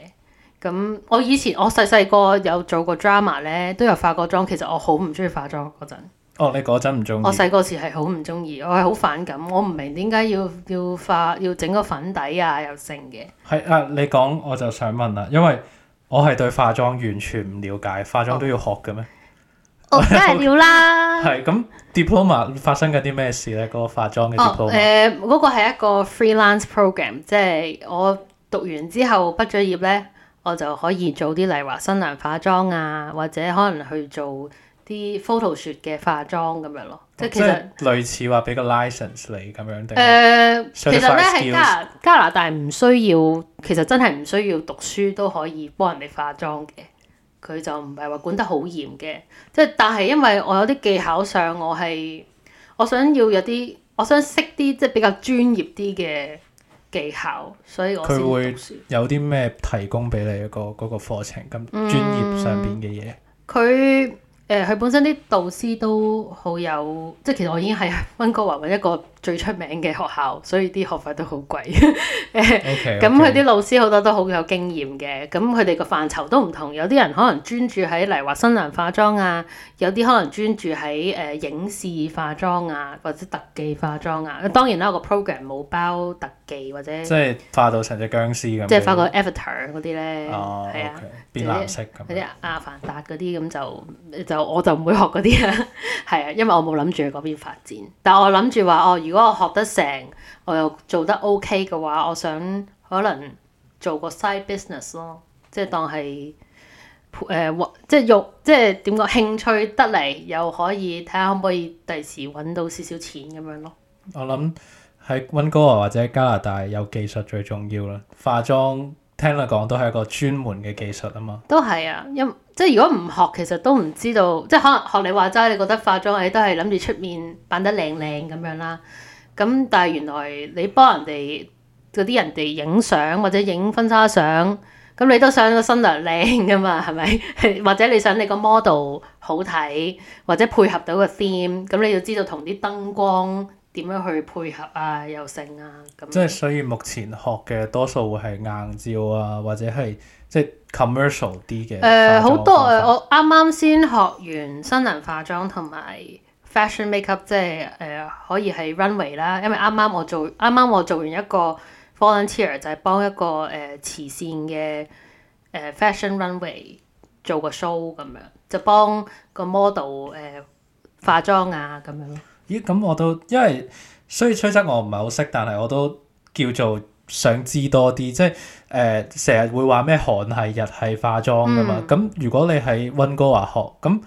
咁我以前我細細個有做過 drama 咧，都有化過妝。其實我好唔中意化妝嗰陣。哦，你嗰陣唔中意？我細個時係好唔中意，我係好反感。我唔明點解要要化，要整個粉底啊又，又剩嘅。係啊，你講我就想問啦，因為我係對化妝完全唔了解，化妝都要學嘅咩？哦，梗係、 哦、要啦。係咁 ，diploma 發生緊啲咩事咧？嗰、嗰個化妝嘅 d 誒、哦，嗰、呃嗰個係一個 freelance program，即係我讀完之後畢咗業咧。我就可以做啲例如話新娘化妝啊，或者可能去做啲 photo shoot 嘅化妝咁樣咯。哦、即係其實類似話俾個 license 你咁樣定。誒、哦，其實咧喺加拿加拿大唔需要，其實真係唔需要讀書都可以幫人哋化妝嘅。佢就唔係話管得好嚴嘅。即係但係因為我有啲技巧上我，我係我想要有啲，我想識啲即係比較專業啲嘅。技巧，所以我佢會有啲咩提供俾你一個嗰個課程咁、那個、專業上邊嘅嘢。佢誒、嗯，佢、呃、本身啲導師都好有，即係其實我已經係溫哥華唯一一個。最出名嘅學校，所以啲學費都好貴。咁佢啲老師好多都好有經驗嘅，咁佢哋個範疇都唔同。有啲人可能專注喺例如話新娘化妝啊，有啲可能專注喺誒影視化妝啊，或者特技化妝啊。當然啦，我個 program 冇包特技或者。即係化到成隻僵屍咁。即係化個 avatar 嗰啲咧，係、oh, okay. 啊，變藍色咁。啲阿凡達嗰啲咁就就我就唔會學嗰啲啊，係 啊，因為我冇諗住去嗰邊發展，但我諗住話哦，如如果我學得成，我又做得 OK 嘅話，我想可能做個 side business 咯，即係當係誒即係用，即係點講興趣得嚟，又可以睇下可唔可以第時揾到少少錢咁樣咯。我諗喺温哥華或者加拿大，有技術最重要啦。化妝聽佢講都係一個專門嘅技術啊嘛，都係啊，因為即係如果唔學，其實都唔知道，即係可能學你話齋，你覺得化妝你都係諗住出面扮得靚靚咁樣啦。咁但係原來你幫人哋嗰啲人哋影相或者影婚紗相，咁你都想個新娘靚噶嘛，係咪？ 或者你想你個 model 好睇，或者配合到個 theme，咁你要知道同啲燈光點樣去配合啊，又剩啊咁。即係所以目前學嘅多數會係硬照啊，或者係即係 commercial 啲嘅。誒、就、好、是呃、多、呃、我啱啱先學完新娘化妝同埋。fashion makeup 即係誒、呃、可以係 runway 啦，因為啱啱我做啱啱我做完一個 volunteer 就係幫一個誒、呃、慈善嘅誒、呃、fashion runway 做個 show 咁樣，就幫個 model 誒、呃、化妝啊咁樣。咦？咁我都因為雖然吹則我唔係好識，但係我都叫做想知多啲，即係誒成日會話咩韓系日系化妝㗎嘛。咁、嗯、如果你喺溫哥華學咁。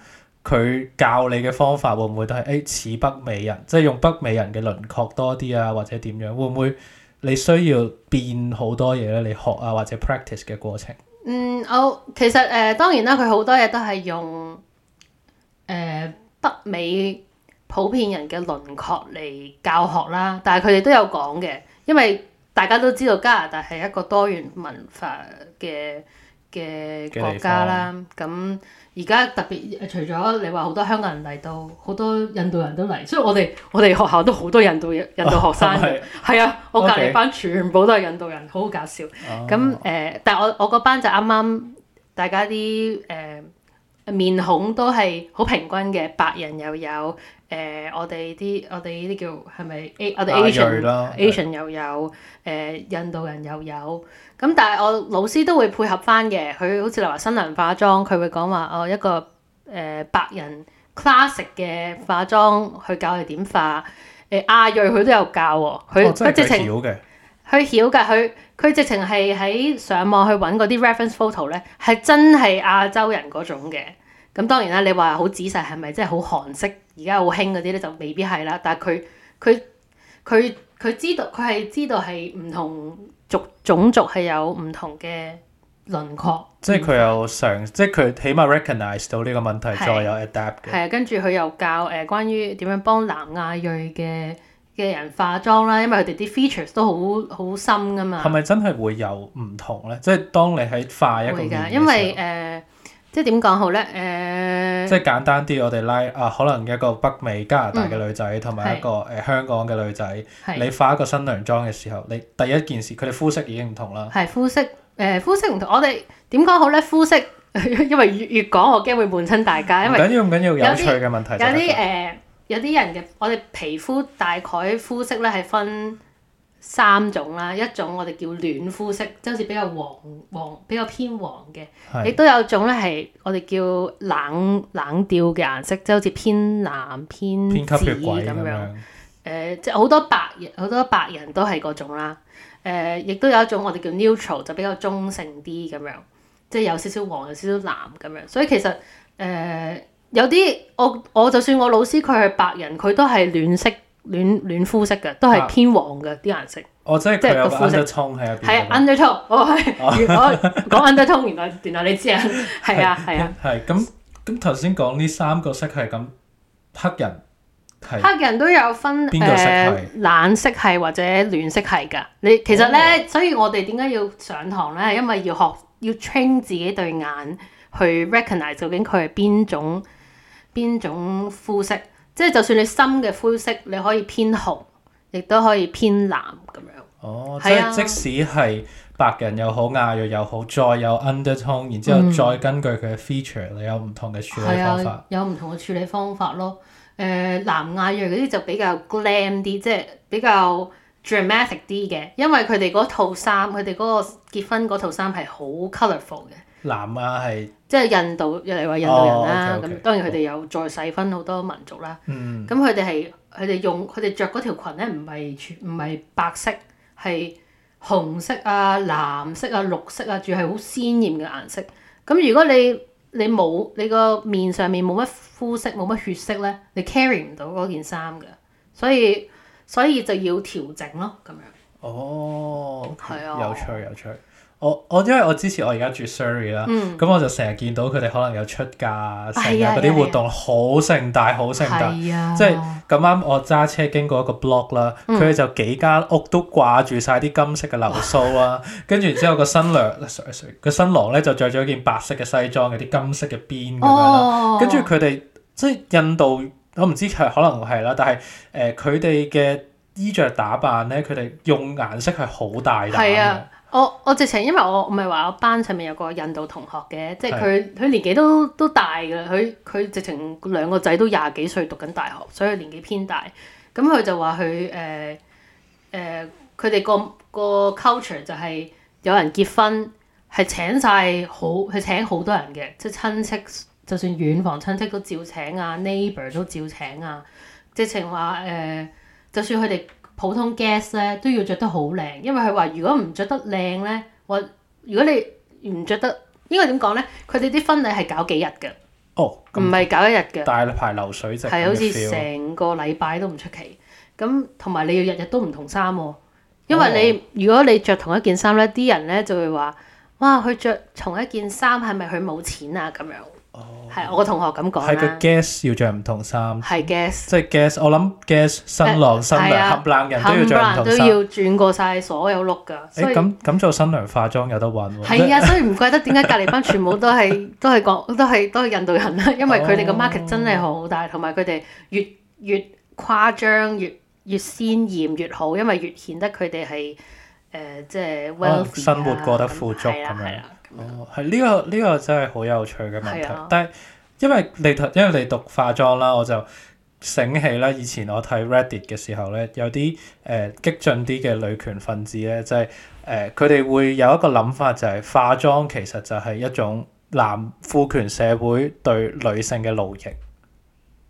佢教你嘅方法會唔會都係誒、哎、似北美人，即係用北美人嘅輪廓多啲啊，或者點樣？會唔會你需要變好多嘢咧？你學啊或者 practice 嘅過程？嗯，我其實誒、呃、當然啦，佢好多嘢都係用誒、呃、北美普遍人嘅輪廓嚟教學啦，但係佢哋都有講嘅，因為大家都知道加拿大係一個多元文化嘅嘅國家啦，咁。而家特別除咗你話好多香港人嚟到，好多印度人都嚟，所以我哋我哋學校都好多印度人。印度學生，係啊，啊，我隔離班全部都係印度人，好好搞笑。咁誒、啊呃，但係我我班就啱啱大家啲誒。呃面孔都係好平均嘅，白人又有誒、呃，我哋啲我哋呢啲叫係咪我哋 Asian Asian 又有誒、呃、印度人又有咁，但係我老師都會配合翻嘅，佢好似例如話新娘化妝，佢會講話哦一個誒、呃、白人 classic 嘅化妝去教佢點化誒，亞裔佢都有教喎，佢佢、哦、直情佢曉嘅，佢佢直情係喺上網去揾嗰啲 reference photo 咧，係真係亞洲人嗰種嘅。咁當然啦，你話好仔細係咪真係好韓式？而家好興嗰啲咧就未必係啦。但係佢佢佢佢知道佢係知道係唔同族種族係有唔同嘅輪廓，即係佢有嘗，嗯、即係佢起碼 recognize 到呢個問題，是再有 adapt 嘅。係啊，跟住佢又教誒、呃、關於點樣幫南亞裔嘅嘅人化妝啦，因為佢哋啲 features 都好好深噶嘛。係咪真係會有唔同咧？即係當你喺化一個面。會㗎，因為誒。呃即係點講好咧？誒、呃，即係簡單啲，我哋拉啊，可能一個北美加拿大嘅女仔同埋一個誒、嗯呃、香港嘅女仔，是你化一個新娘妝嘅時候，你第一件事佢哋膚色已經唔同啦。係膚色誒、呃、膚色唔同，我哋點講好咧？膚色，因為越越講我驚會悶親大家，因為唔緊要唔緊要，有趣嘅問題。有啲誒，有啲、呃、人嘅我哋皮膚大概膚色咧係分。三種啦，一種我哋叫暖膚色，即係好似比較黃黃比較偏黃嘅，亦是都有種咧係我哋叫冷冷調嘅顏色，即係好似偏藍偏紫咁樣。誒、呃，即係好多白人，好多白人都係嗰種啦。誒、呃，亦都有一種我哋叫 neutral，就比較中性啲咁樣，即係有少少黃有少少藍咁樣。所以其實誒、呃，有啲我我就算我老師佢係白人，佢都係暖色。暖暖膚色嘅，都係偏黃嘅啲顏色。哦，即係即係個膚色衝喺入邊。Under Tone，我係講 Under Tone，原來原來你知啊？係啊係啊。係咁，咁頭先講呢三個色係咁，黑人係黑人都有分邊冷色係或者暖色係㗎。你其實咧，所以我哋點解要上堂咧？因為要學要 train 自己對眼去 recognize 究竟佢係邊種邊種膚色。即係就算你深嘅灰色，你可以偏紅，亦都可以偏藍咁樣。哦，即係、啊、即使係白人又好，亞裔又好，再有 undertone，然之後再根據佢嘅 feature，你、嗯、有唔同嘅處理方法。啊、有唔同嘅處理方法咯。誒、呃，南亞裔嗰啲就比較 glam 啲，即係比較 dramatic 啲嘅，因為佢哋嗰套衫，佢哋嗰個結婚嗰套衫係好 colourful 嘅。南亞係，即係印度，又嚟話印度人啦。咁、oh, okay, okay. 當然佢哋有再細分好多民族啦。咁佢哋係佢哋用佢哋着嗰條裙咧，唔係全唔係白色，係紅色啊、藍色啊、綠色啊，仲係好鮮豔嘅顏色。咁如果你你冇你個面上面冇乜膚色冇乜血色咧，你 carry 唔到嗰件衫㗎。所以所以就要調整咯，咁樣。哦、oh, okay. 啊，係啊，有趣有趣。我我因為我之前我而家住 Surrey 啦、嗯，咁我就成日見到佢哋可能有出嫁，成日嗰啲活動好盛大，好、嗯、盛大。盛大，嗯、即係咁啱我揸車經過一個 block 啦、嗯，佢哋就幾間屋都掛住晒啲金色嘅流蘇啦。跟住哇然之後個新娘 sorry 個 新郎咧就着咗件白色嘅西裝，有啲金色嘅邊咁樣啦。跟住佢哋即係印度，我唔知係可能係啦，但係誒佢哋嘅衣着打扮咧，佢哋用顏色係好大膽。 我我直情因為我唔係話我班上面有個印度同學嘅，即係佢佢年紀都都大㗎喇，佢佢直情兩個仔都廿幾歲讀緊大學，所以佢年紀偏大。咁、嗯、佢就話佢誒誒，佢、呃、哋、呃、個個 culture 就係有人結婚係請晒好，係請好多人嘅，即係親戚，就算遠房親戚都照請啊，neighbor 都照請啊，直情話誒，就算佢哋。普通 guest 咧都要着得好靚，因為佢話如果唔着得靚咧，我如果你唔着得，應該點講咧？佢哋啲婚禮係搞幾日㗎？哦，唔、嗯、唔係搞一日㗎。大排流水就係好似成個禮拜都唔出奇。咁同埋你要日日都唔同衫、哦，因為你、哦、如果你着同一件衫咧，啲人咧就會話：哇，佢着同一件衫係咪佢冇錢啊？咁樣。係我個同學咁講啦，係個 guest 要着唔同衫，係 guest，即係 guest。我諗 guest 新郎、啊、新娘、合冷、啊、人都要着唔都要轉過晒所有碌噶。誒，咁咁、欸、做新娘化妝有得搵喎、啊。係啊，所以唔怪得點解隔籬班全部都係 都係講都係都係印度人啦、啊，因為佢哋個 market 真係好好大，同埋佢哋越越誇張越越鮮艷越好，因為越顯得佢哋係誒即係 wealth 生活過得富足咁、啊、樣。哦，係、這、呢個呢、這個真係好有趣嘅問題。啊、但係因為你因為你讀化妝啦，我就醒起啦。以前我睇 Reddit 嘅時候咧，有啲誒、呃、激進啲嘅女權分子咧，就係誒佢哋會有一個諗法，就係化妝其實就係一種男父權社會對女性嘅奴役。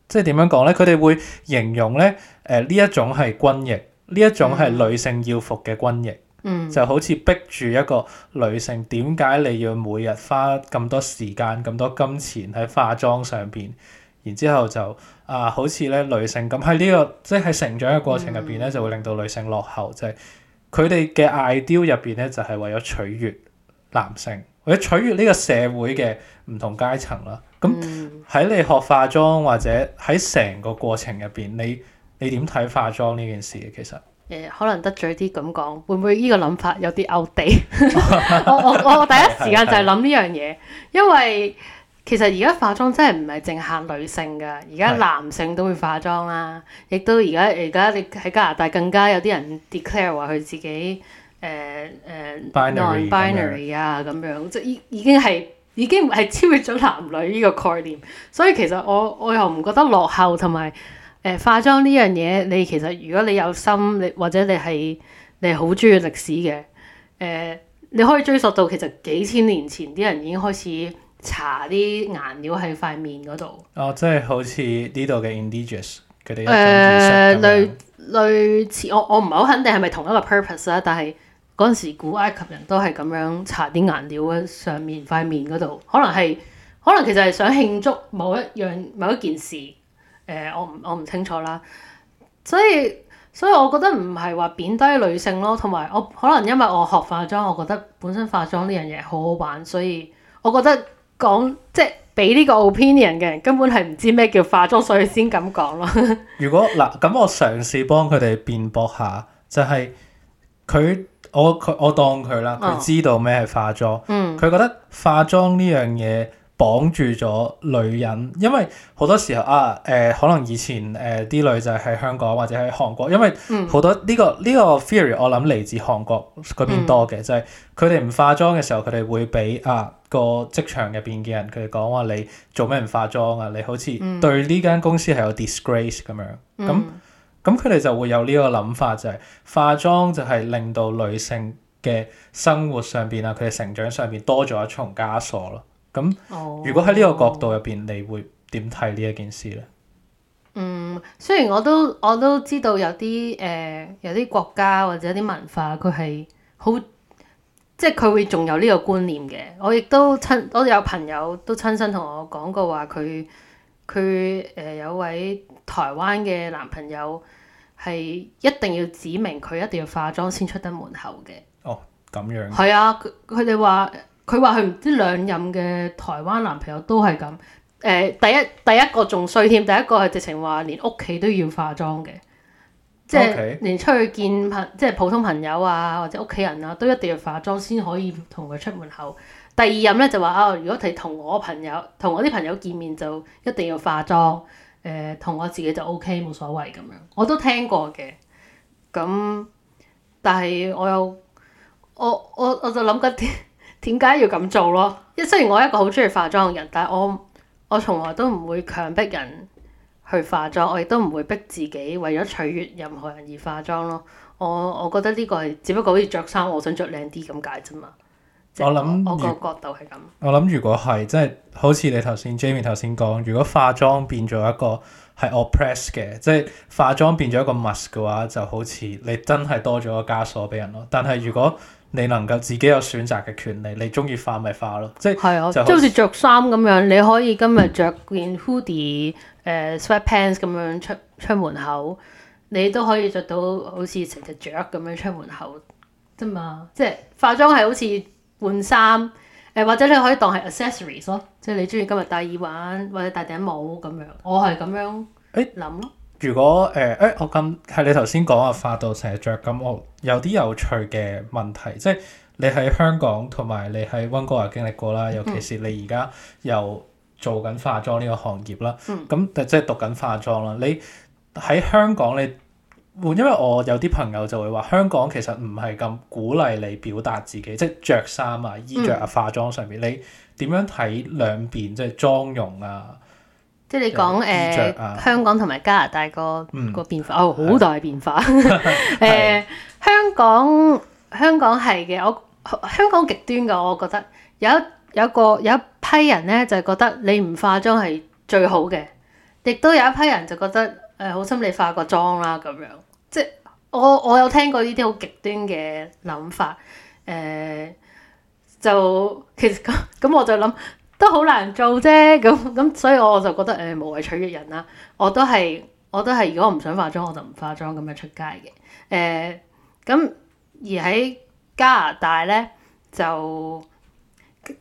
即係點樣講咧？佢哋會形容咧誒呢、呃、一種係軍役，呢一種係女性要服嘅軍役。嗯就好似逼住一個女性，點解你要每日花咁多時間、咁多金錢喺化妝上邊？然之後就啊，好似咧女性咁喺呢個，即係成長嘅過程入邊咧，就會令到女性落後，嗯、就係佢哋嘅 ideal 入邊咧，就係為咗取悅男性，或者取悅呢個社會嘅唔同階層啦。咁喺你學化妝或者喺成個過程入邊，你你點睇化妝呢件事其實？誒可能得罪啲咁講，會唔會呢個諗法有啲 outdated？我我我第一時間就係諗呢樣嘢， 因為其實而家化妝真係唔係淨限女性㗎，而家男性都會化妝啦、啊，亦是都而家而家你喺加拿大更加有啲人 declare 話佢自己誒誒、呃呃、B inary non-binary 啊咁樣，即係已已經係已經係超越咗男女呢個概念，所以其實我我又唔覺得落後同埋。誒化妝呢樣嘢，你其實如果你有心，你或者你係你係好中意歷史嘅，誒、呃、你可以追溯到其實幾千年前啲人已經開始搽啲顏料喺塊面嗰度。哦，即係好似呢度嘅 indigenous 佢哋誒類類似，我我唔係好肯定係咪同一個 purpose 啊，但係嗰陣時古埃及人都係咁樣搽啲顏料喺上面塊面嗰度，可能係可能其實係想慶祝某一樣某一件事。誒、呃，我唔我唔清楚啦，所以所以我覺得唔係話貶低女性咯，同埋我可能因為我學化妝，我覺得本身化妝呢樣嘢好好玩，所以我覺得講即係俾呢個 opinion 嘅人根本係唔知咩叫化妝，所以先咁講咯。 如果嗱咁，我嘗試幫佢哋辯駁下，就係、是、佢我佢我當佢啦，佢知道咩係化妝，佢、哦嗯、覺得化妝呢樣嘢。綁住咗女人，因為好多時候啊，誒、呃、可能以前誒啲、呃、女仔喺香港或者喺韓國，因為好多呢、嗯呢個呢、呢個 theory，我諗嚟自韓國嗰邊多嘅，嗯、就係佢哋唔化妝嘅時候，佢哋會俾啊個職場入邊嘅人佢哋講話你做咩唔化妝啊？你好似對呢間公司係有 disgrace 咁樣，咁咁佢哋就會有呢個諗法，就係、是、化妝就係令到女性嘅生活上邊啊，佢哋成長上邊多咗一重枷鎖咯。咁，如果喺呢個角度入邊，你會點睇呢一件事呢？嗯，雖然我都我都知道有啲誒、呃，有啲國家或者有啲文化佢係好，即係佢會仲有呢個觀念嘅。我亦都親，我有朋友都親身同我講過話，佢佢誒有位台灣嘅男朋友係一定要指明佢一定要化妝先出得門口嘅。哦，咁樣。係啊，佢佢哋話。佢話：佢唔知兩任嘅台灣男朋友都係咁。誒、呃，第一第一個仲衰添，第一個係直情話連屋企都要化妝嘅，Okay. 即係連出去見朋即係普通朋友啊，或者屋企人啊，都一定要化妝先可以同佢出門口。第二任咧就話啊、哦，如果係同我朋友同我啲朋友見面就一定要化妝。誒、呃，同我自己就 O K 冇所謂咁樣。我都聽過嘅咁，但係我又我我我就諗緊啲。點解要咁做咯？一雖然我係一個好中意化妝嘅人，但係我我從來都唔會強迫人去化妝，我亦都唔會逼自己為咗取悅任何人而化妝咯。我我覺得呢個係只不過好似着衫，我想着靚啲咁解啫嘛。我諗我個角度係咁。我諗如果係即係好似你頭先 Jamie 頭先講，如果化妝變咗一個係 oppress 嘅，即係化妝變咗一個 must 嘅話，就好似你真係多咗個枷鎖俾人咯。但係如果你能夠自己有選擇嘅權利，你中意化咪化咯，即係即係就好似着衫咁樣，你可以今日着件 hoodie 誒、嗯呃、sweatpants 咁樣出出門口，你都可以着到好似成隻雀咁樣出門口啫嘛，即係化妝係好似換衫誒、呃，或者你可以當係 accessories 咯、嗯，即係你中意今日戴耳環或者戴頂帽咁樣，嗯、我係咁樣誒諗咯。欸如果誒誒、欸，我咁係你頭先講話化到成日著，咁我有啲有趣嘅問題，即係你喺香港同埋你喺溫哥華經歷過啦，尤其是你而家又在做緊化妝呢個行業啦，咁、嗯、即係讀緊化妝啦。你喺香港，你因為我有啲朋友就會話香港其實唔係咁鼓勵你表達自己，即係着衫啊、衣着啊、化妝上面，你點樣睇兩邊即係妝容啊？即係你講誒，香港同埋加拿大個個、嗯、變化，哦好大變化。誒，香港香港，係嘅，我香港極端㗎，我覺得有一有一個有一批人咧就覺得你唔化妝係最好嘅，亦都有一批人就覺得誒、呃、好心你化個妝啦咁樣。即係我我有聽過呢啲好極端嘅諗法，誒、呃、就其實咁咁 我就諗。都好難做啫，咁咁，所以我就覺得誒、呃、無謂取悅人啦。我都係我都係，如果我唔想化妝，我就唔化妝咁樣出街嘅。誒、呃、咁、嗯、而喺加拿大咧，就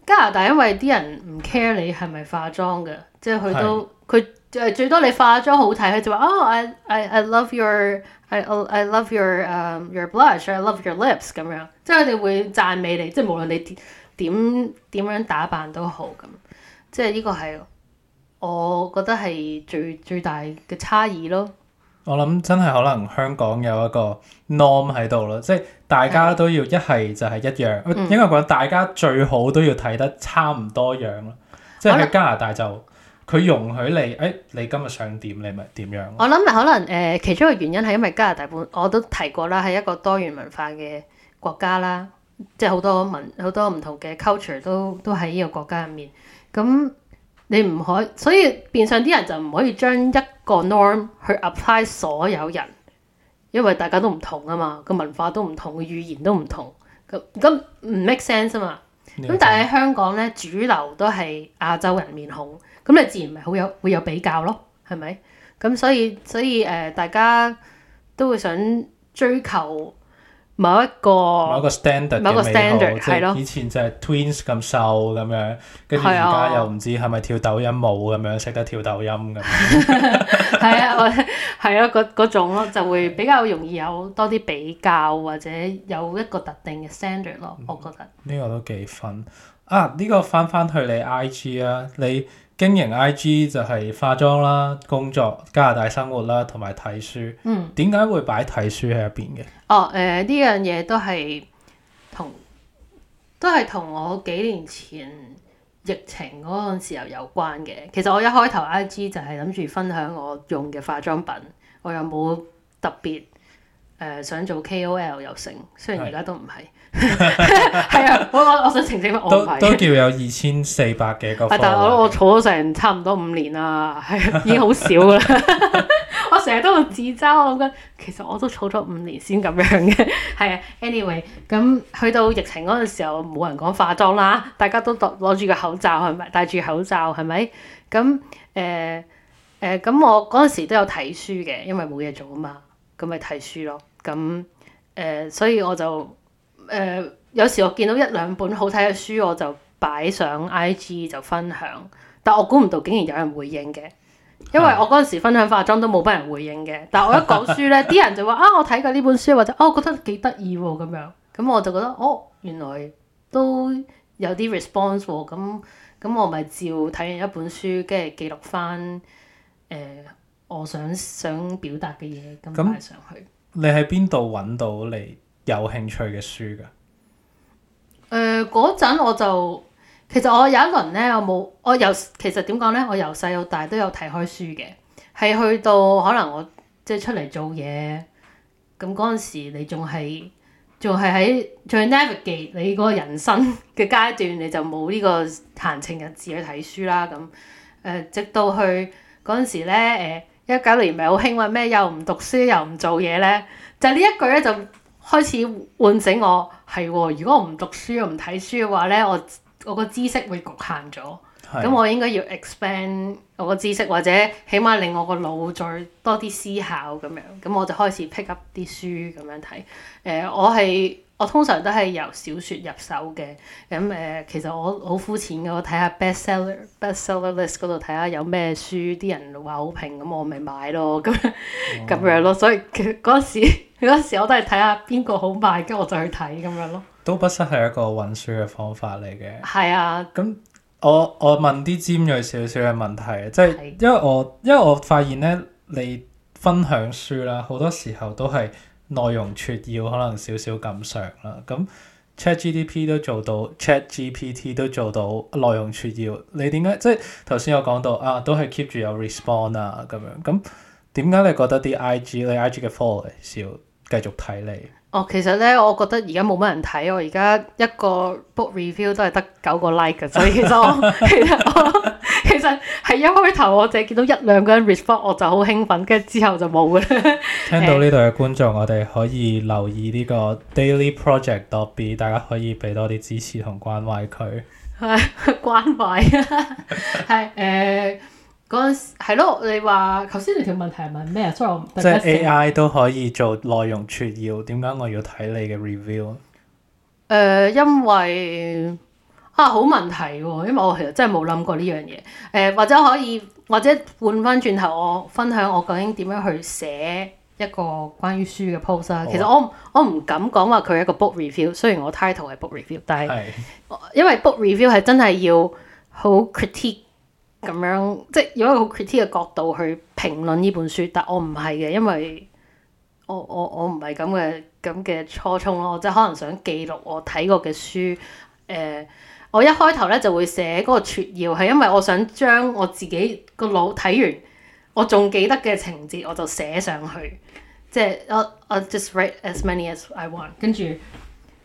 加拿大因為啲人唔 care 你係咪化妝嘅，即係佢都佢誒是最多你化妝好睇，佢就話哦、oh, I,，I I love your I, I love your um your blush, I love your lips 咁樣，即係佢哋會讚美你，即係無論你。點點樣打扮都好咁，即係呢個係我覺得係最最大嘅差異咯。我諗真係可能香港有一個 norm 喺度咯，即係大家都要一係就係一樣，應該講大家最好都要睇得差唔多樣咯。嗯、即係喺加拿大就佢容許你，誒、哎、你今日想點，你咪點樣。我諗可能誒、呃、其中一個原因係因為加拿大本我都提過啦，係一個多元文化嘅國家啦。即係好多文好多唔同嘅 culture 都都喺呢個國家入面，咁你唔可，所以變相啲人就唔可以將一個 norm 去 apply 所有人，因為大家都唔同啊嘛，個文化都唔同，語言都唔同，咁咁唔 make sense 啊嘛。咁但係喺香港咧，主流都係亞洲人面孔，咁你自然咪好有會有比較咯，係咪？咁所以所以誒、呃，大家都會想追求，某一個某一個 standard，某一個 standard，即係以前就係 Twins 咁瘦咁樣，跟住而家又唔知係咪跳抖音舞咁樣，識的得跳抖音咁。係啊， 我，係咯，嗰種咯，就會比較容易有多啲比較，或者有一個特定嘅 standard 咯，我覺得。呢、嗯這個都幾分啊！呢、這個翻翻去你 IG 啊，你。經營 IG 就係化妝啦、工作、加拿大生活啦，同埋睇書。嗯，點解會擺睇書喺入邊嘅？哦，誒呢樣嘢都係同都係同我幾年前疫情嗰陣時候有關嘅。其實我一開頭 IG 就係諗住分享我用嘅化妝品，我又冇特別。誒、呃、想做 KOL 又成，雖然而家都唔係，係 啊，我我我想澄清，我唔係嘅。都，都叫有二千四百幾個。但係我我儲咗成差唔多五年啦，係已經好少啦。 我成日都用自嘲，我諗緊，其實我都儲咗五年先咁樣嘅。係 啊，anyway，咁去到疫情嗰陣時候，冇人講化妝啦，大家都攞攞住個口罩係咪戴住口罩係咪？咁誒誒，咁、呃呃、我嗰陣時都有睇書嘅，因為冇嘢做啊嘛。咁咪睇書咯，咁誒、呃，所以我就誒、呃、有時我見到一兩本好睇嘅書，我就擺上 IG 就分享，但我估唔到竟然有人回應嘅，因為我嗰陣時分享化妝都冇畀人回應嘅，但係我一講書呢，啲 人就話啊，我睇過呢本書或者啊，我覺得幾得意喎咁樣，咁我就覺得哦，原來都有啲 response 喎、哦，咁咁我咪照睇完一本書，跟住記錄翻誒。呃我想想表達嘅嘢，咁埋上去。你喺邊度搵到你有興趣嘅書噶？誒、呃，嗰陣我就，其實我有一輪呢，我冇，我由其實點講呢？我由細到大都有睇開書嘅，係去到可能我即係出嚟做嘢，咁嗰陣時你仲係仲係喺，仲係 navigate 你嗰個人生嘅階段，你就冇呢個閒情逸致去睇書啦。咁、嗯、誒、呃，直到去嗰陣時咧，誒、呃。一九年咪好興喎咩？又唔讀書又唔做嘢咧，就係呢一句咧就開始喚醒我。係喎，如果我唔讀書唔睇書嘅話咧，我我個知識會局限咗。咁我應該要 expand 我個知識，或者起碼令我個腦再多啲思考咁樣。咁我就開始 pick up 啲書咁樣睇。誒、呃，我係。我通常都係由小説入手嘅，咁、嗯、誒，其實我好膚淺嘅，我睇下 bestseller bestseller list 嗰度睇下有咩書，啲人話好評，咁我咪買咯，咁樣咁、哦、樣咯，所以其實嗰陣時嗰陣時我都係睇下邊個好賣，跟住我就去睇咁樣咯。都不失係一個揾書嘅方法嚟嘅。係啊，咁我我問啲尖鋭少少嘅問題，即、就、係、是、因為我是因為我發現咧，你分享書啦，好多時候都係。內容撮要，可能少少感想啦，咁 ChatGDP 都做到，ChatGPT 都做到內容撮要。你點解？即係頭先我講到啊，都係 keep 住有 respond 啊咁樣。咁點解你覺得啲 IG 你 IG 嘅 followers 要繼續睇你？哦，其實咧，我覺得而家冇乜人睇。我而家一個 book review 都係得九個 like 嘅，所以其實我 其實我。 其實係一開頭我凈係見到一兩個人 respond，我，我就好興奮，跟住之後就冇啦。聽到呢度嘅觀眾， 我哋可以留意呢個 daily project.b 多啲，大家可以俾多啲支持同關懷佢。係 關懷，係誒嗰陣時係咯。你話頭先你條問題係問咩啊？Sorry，即係 AI 都可以做內容摘要，點解我要睇你嘅 review 啊、呃？因為。啊，好問題喎！因為我其實真係冇諗過呢樣嘢。誒、呃，或者可以，或者換翻轉頭，我分享我究竟點樣去寫一個關於書嘅 post 啦。Oh. 其實我我唔敢講話佢係一個 book review，雖然我 title 係 book review，但係是因為 book review 係真係要好 critique 咁樣，即係用一個好 critique 嘅角度去評論呢本書，但我唔係嘅，因為我我我唔係咁嘅咁嘅初衷咯。我即係可能想記錄我睇過嘅書，誒、呃。我一開頭咧就會寫嗰個撮要，係因為我想將我自己個腦睇完，我仲記得嘅情節我就寫上去，即係我我 just write as many as I want，跟住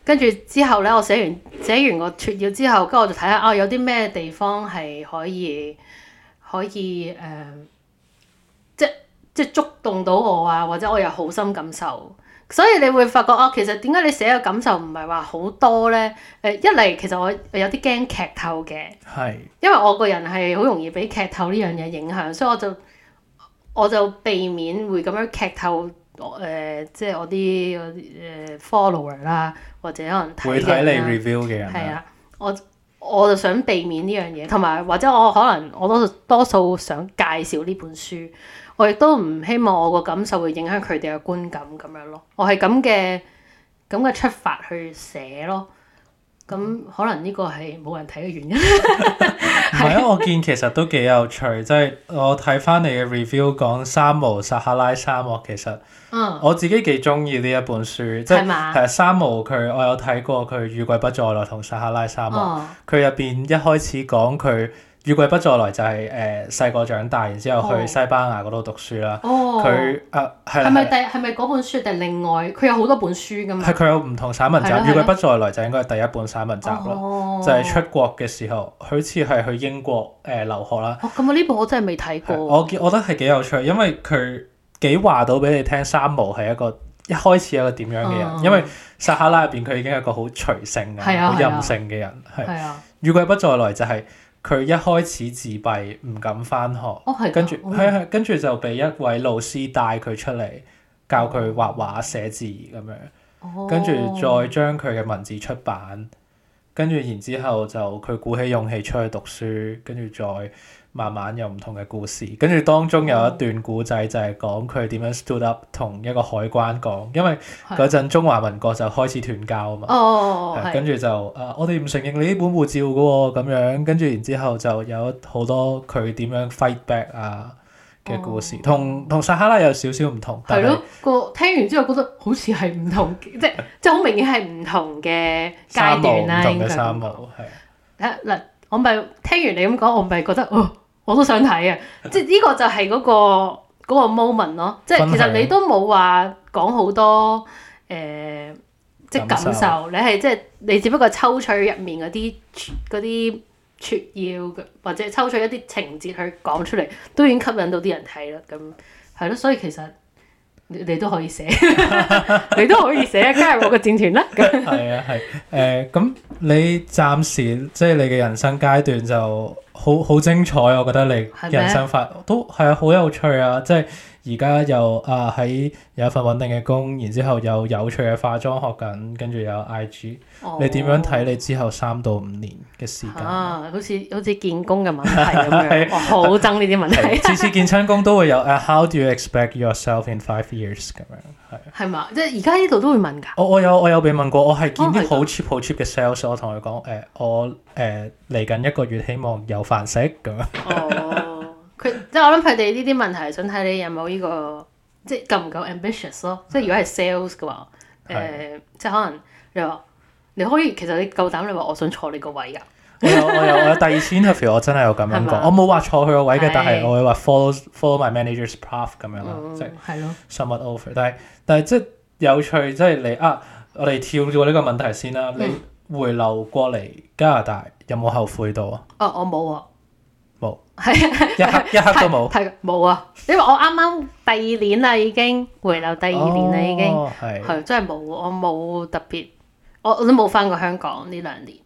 跟住之後咧，我寫完寫完個撮要之後，跟我就睇下啊，有啲咩地方係可以可以誒、呃，即即觸動到我啊，或者我又好心感受。所以你會發覺啊，其實點解你寫嘅感受唔係話好多咧？誒、呃，一嚟其實我有啲驚劇透嘅，是因為我個人係好容易俾劇透呢樣嘢影響，所以我就我就避免會咁樣劇透。誒、呃，即係我啲誒、呃、follower 啦、啊，或者可能睇嘅，會睇你 review 嘅人啊。啊，我我就想避免呢樣嘢，同埋或者我可能我多數多數想介紹呢本書。我亦都唔希望我個感受會影響佢哋嘅觀感咁樣咯，我係咁嘅咁嘅出發去寫咯。咁可能呢個係冇人睇嘅原因。唔係啊， 我見其實都幾有趣，就是嗯、即係嗎我睇返你嘅 review 講《三毛撒哈拉沙漠》，其實嗯，我自己幾鍾意呢一本書，即係其實三毛佢我有睇過佢《雨季不再來》同《撒哈拉沙漠》，佢入邊一開始講佢。《雨季不再來》就係誒細個長大，然之後去西班牙嗰度讀書啦。佢誒係係咪第係咪嗰本書？定另外佢有好多本書㗎嘛？係佢有唔同散文集，《雨季不再來》就應該係第一本散文集咯。就係出國嘅時候，好似係去英國誒留學啦。哦，咁啊！呢部我真係未睇過。我我覺得係幾有趣，因為佢幾話到俾你聽，三毛係一個一開始係一個點樣嘅人？因為撒哈拉入邊，佢已經係一個好隨性嘅、好任性嘅人。係啊，《雨季不再來》就係。佢一開始自閉，唔敢翻學，哦、跟住，跟跟住就俾一位老師帶佢出嚟，教佢畫畫、寫字咁樣，跟住再將佢嘅文字出版，哦、跟住然之後就佢鼓起勇氣出去讀書，跟住再。慢慢有唔同嘅故事，跟住當中有一段古仔就係講佢點樣 stood up 同一個海關講，因為嗰陣中華民國就開始斷交啊嘛。哦，跟住就的啊，我哋唔承認你呢本護照噶喎、哦，咁樣跟住然之後就有好多佢點樣 fight back 啊嘅故事，同同撒哈拉有少少唔同。但係咯，個聽完之後覺得好似係唔同， 即係即係好明顯係唔同嘅階段啦。沙漠同嘅沙漠係嗱，我咪聽完你咁講，我咪覺得哦。我都想睇啊！即係呢個就係嗰個嗰個 moment 咯，即係其實你都冇話講好多誒、呃，即感受。感受你係即係你只不過抽取入面嗰啲嗰啲撮要，或者抽取一啲情節去講出嚟，都已經吸引到啲人睇啦。咁係咯，所以其實。你都可以寫， 你都可以寫，加入 我個戰團啦！係啊，係誒、啊，咁、啊呃、你暫時即係、就是、你嘅人生階段就好好精彩，我覺得你人生發嗎都係啊，好有趣啊，即係，而家又啊喺有一份穩定嘅工，然之後有有趣嘅化妝學緊，跟住有 IG。Oh. 你點樣睇你之後三到五年嘅時間？啊，好似好似見工嘅問題咁樣， 是哦、好憎呢啲問題。次次見親工都會有誒 ，How do you expect yourself in five years？咁樣係。係嘛？即係而家呢度都會問㗎、哦。我我有我有被問過，我係見啲好 cheap 好 cheap 嘅 sales，我同佢講誒，我誒嚟緊一個月，希望有飯食咁樣。Oh. 佢即係我諗佢哋呢啲問題想睇你有冇呢，這個即係夠唔夠 ambitious 咯是的、呃？即係如果係 sales 嘅話，誒即係可能你話你可以其實你夠膽你話我想坐你個位㗎。我有我有我第二次 interview 我真係有咁樣講，吧我冇話坐佢個位嘅，的但係我會話 follow follow my manager's path 咁樣咯，嗯，即係係咯。Somewhat 的 over，但係但係即係有趣，即係你啊，我哋跳咗呢個問題先啦。的你回流過嚟加拿大有冇後悔到啊？啊，我冇啊。冇，係 一刻 一刻都冇， 係冇啊！因為我啱啱第二年啦，已經回流第二年啦，已經係，係、哦、真係冇，我冇特別，我我都冇翻過香港呢兩年。誒、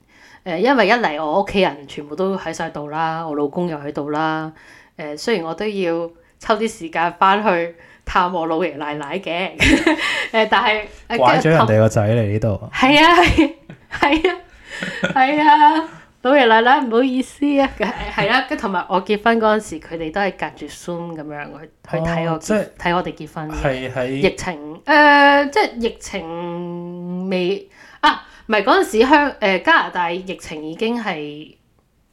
呃，因為一嚟我屋企人全部都喺晒度啦，我老公又喺度啦。誒、呃，雖然我都要抽啲時間翻去探我老爺奶奶嘅，誒 是，但係拐咗人哋個仔嚟呢度，係啊，係啊，係啊。老爺奶奶唔好意思啊，係 啦、啊，跟同埋我結婚嗰陣時，佢哋都係隔住 Zoom 咁樣去去睇我即係睇我哋結婚。係疫情誒、呃，即係疫情未啊？唔係嗰陣時香誒、呃、加拿大疫情已經係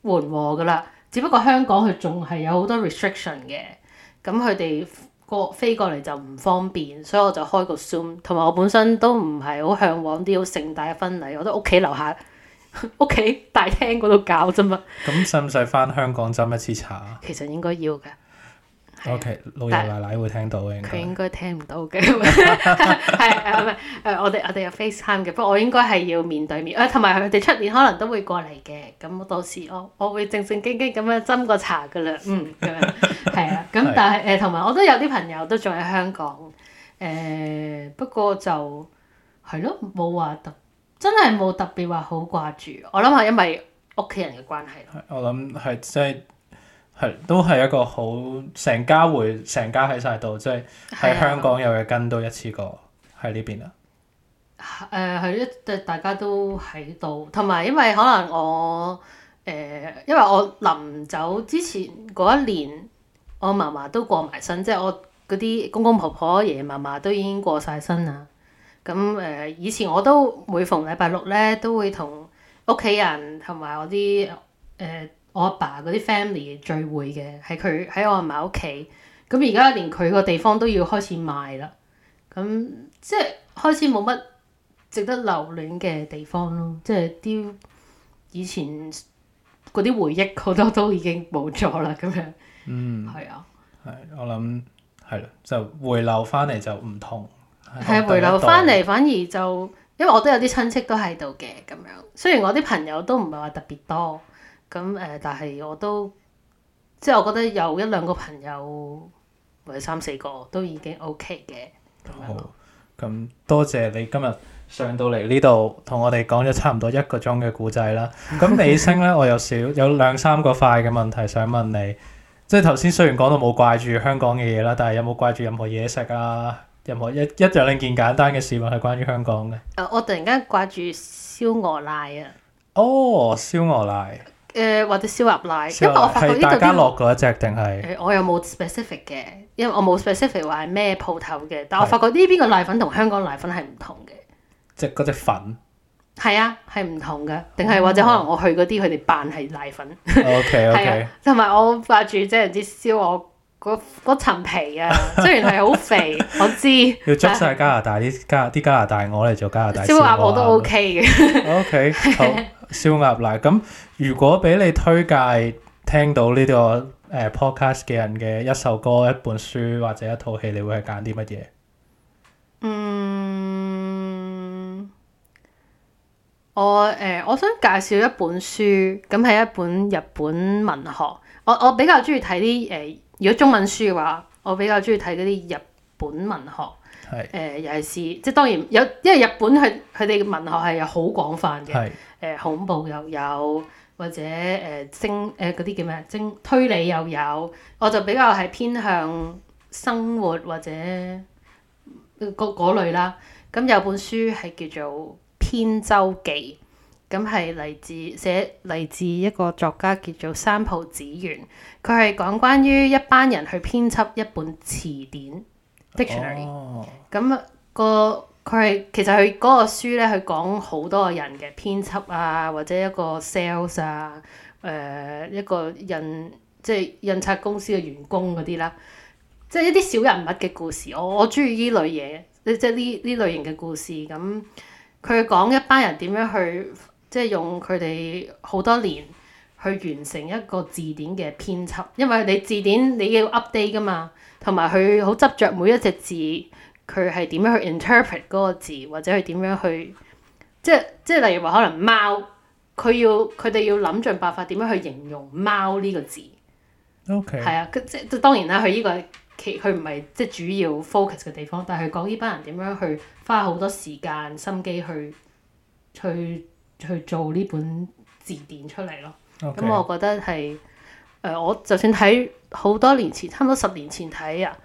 緩和噶啦，只不過香港佢仲係有好多 restriction 嘅，咁佢哋過飛過嚟就唔方便，所以我就開個 Zoom。同埋我本身都唔係好向往啲好盛大嘅婚禮，我都屋企樓下。屋企大廳嗰度搞啫嘛，咁使唔使翻香港斟一次茶啊？其實應該要㗎。O K，老爺奶奶會聽到嘅。佢應該聽唔到嘅，係係咪？誒、呃，我哋我哋有 Face Time 嘅，不過我應該係要面對面。誒，同埋佢哋出面可能都會過嚟嘅。咁到時我我會正正經經咁樣斟個茶噶啦。嗯，咁樣係啊。咁、 嗯、但係誒，同埋 Yeah. 我都有啲朋友都仲喺香港。誒，不過就係咯，冇話得。真係冇特別話好掛住，我諗係因為屋企人嘅關係。我諗係真係係都係一個好成家會成家喺晒度，即係喺香港有嘅根都一次過喺呢邊啦。誒，係一大家都喺度，同埋因為可能我誒、呃，因為我臨走之前嗰一年，我嫲嫲都過埋身，即係我嗰啲公公婆婆婆爺爺嫲嫲都已經過晒身啦。咁誒、呃，以前我都每逢禮拜六咧，都會同屋企人同埋我啲誒、呃、我阿爸嗰啲 family 聚會嘅，係佢喺我阿嫲屋企。咁而家連佢個地方都要開始賣啦，咁即係開始冇乜值得留戀嘅地方咯。即係啲以前嗰啲回憶好多都已經冇咗啦，咁樣。嗯，係啊，係我諗係咯，就回流翻嚟就唔同。係回流翻嚟，反而就因為我都有啲親戚都喺度嘅咁樣。雖然我啲朋友都唔係話特別多咁誒，但係我都即係我覺得有一兩個朋友或者三四個都已經 OK 嘅。咁好，咁多謝你今日上到嚟呢度同我哋講咗差唔多一個鐘嘅故仔啦。咁尾聲咧， 我有少有兩三個快嘅問題想問你，即係頭先雖然講到冇掛住香港嘅嘢啦，但係有冇掛住任何嘢食啊？任何，一一兩兩件簡單嘅事物係關於香港嘅？誒、啊，我突然間掛住燒鵝奶啊！哦，oh，燒鵝奶，誒、呃、或者燒鴨奶，奶因為我發覺呢度啲落過一隻定係誒，我又冇 specific 嘅，因為我冇 specific 話係咩鋪頭嘅，但我發覺呢邊個奶粉同香港奶粉係唔同嘅，即嗰隻粉係啊，係唔同嘅，定係、嗯、或者可能我去嗰啲佢哋扮係奶粉 ，OK OK，同埋我掛住即係啲燒鵝。嗰層皮啊，雖然係好肥， 我知。要捉晒加拿大啲 加啲加，加拿大，我嚟做加拿大燒，燒鴨我都 O K 嘅。 o、okay, K，好 燒鴨奶。咁如果俾你推介聽到呢、呢個誒、呃、podcast 嘅人嘅一首歌、一本書或者一套戲，你會係揀啲乜嘢？嗯，我誒、呃，我想介紹一本書，咁係一本日本文學。我我比較中意睇啲誒。呃如果中文書嘅話，我比較中意睇嗰啲日本文學。係誒是、呃，尤其是即係當然有，因為日本佢佢哋嘅文學係有好廣泛嘅。係是、呃、恐怖又有，或者誒、呃、精誒嗰啲叫咩精推理又有，我就比較係偏向生活或者嗰、呃、類啦。咁有本書係叫做《編舟記》。咁係嚟自寫嚟自一個作家叫做三浦子源，佢係講關於一班人去編輯一本詞典 dictionary。咁、oh. 嗯、個佢係其實佢嗰個書咧，佢講好多人嘅編輯啊，或者一個 sales 啊，誒、呃、一個印即係印刷公司嘅員工嗰啲啦，即係一啲小人物嘅故事。我我中意呢類嘢，即係呢呢類型嘅故事。咁、嗯、佢講一班人點樣去。即係用佢哋好多年去完成一個字典嘅編輯，因為你字典你要 update 噶嘛，同埋佢好執着每一隻字，佢係點樣去 interpret 嗰個字，或者佢點樣去，即係即係例如話可能貓，佢要佢哋要諗盡辦法點樣去形容貓呢個字。OK。係啊，即係當然啦，佢呢個其佢唔係即係主要 focus 嘅地方，但係佢講呢班人點樣去花好多時間心機去去。去做呢本字典出嚟咯，咁 Okay.、嗯、我覺得係誒、呃，我就算喺好多年前，差唔多十年前睇啊，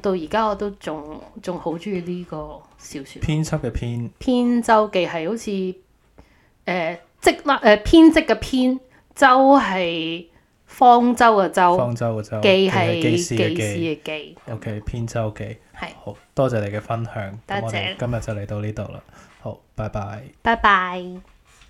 到而家我都仲仲好中意呢個小説。呃。編輯嘅編，編舟記係好似誒植物誒編輯嘅編，舟係方舟嘅舟，方舟嘅舟，記係記事嘅記。O、okay, K，編舟記係是好多謝你嘅分享，我哋謝今日就嚟到呢度啦，好，拜拜，拜拜。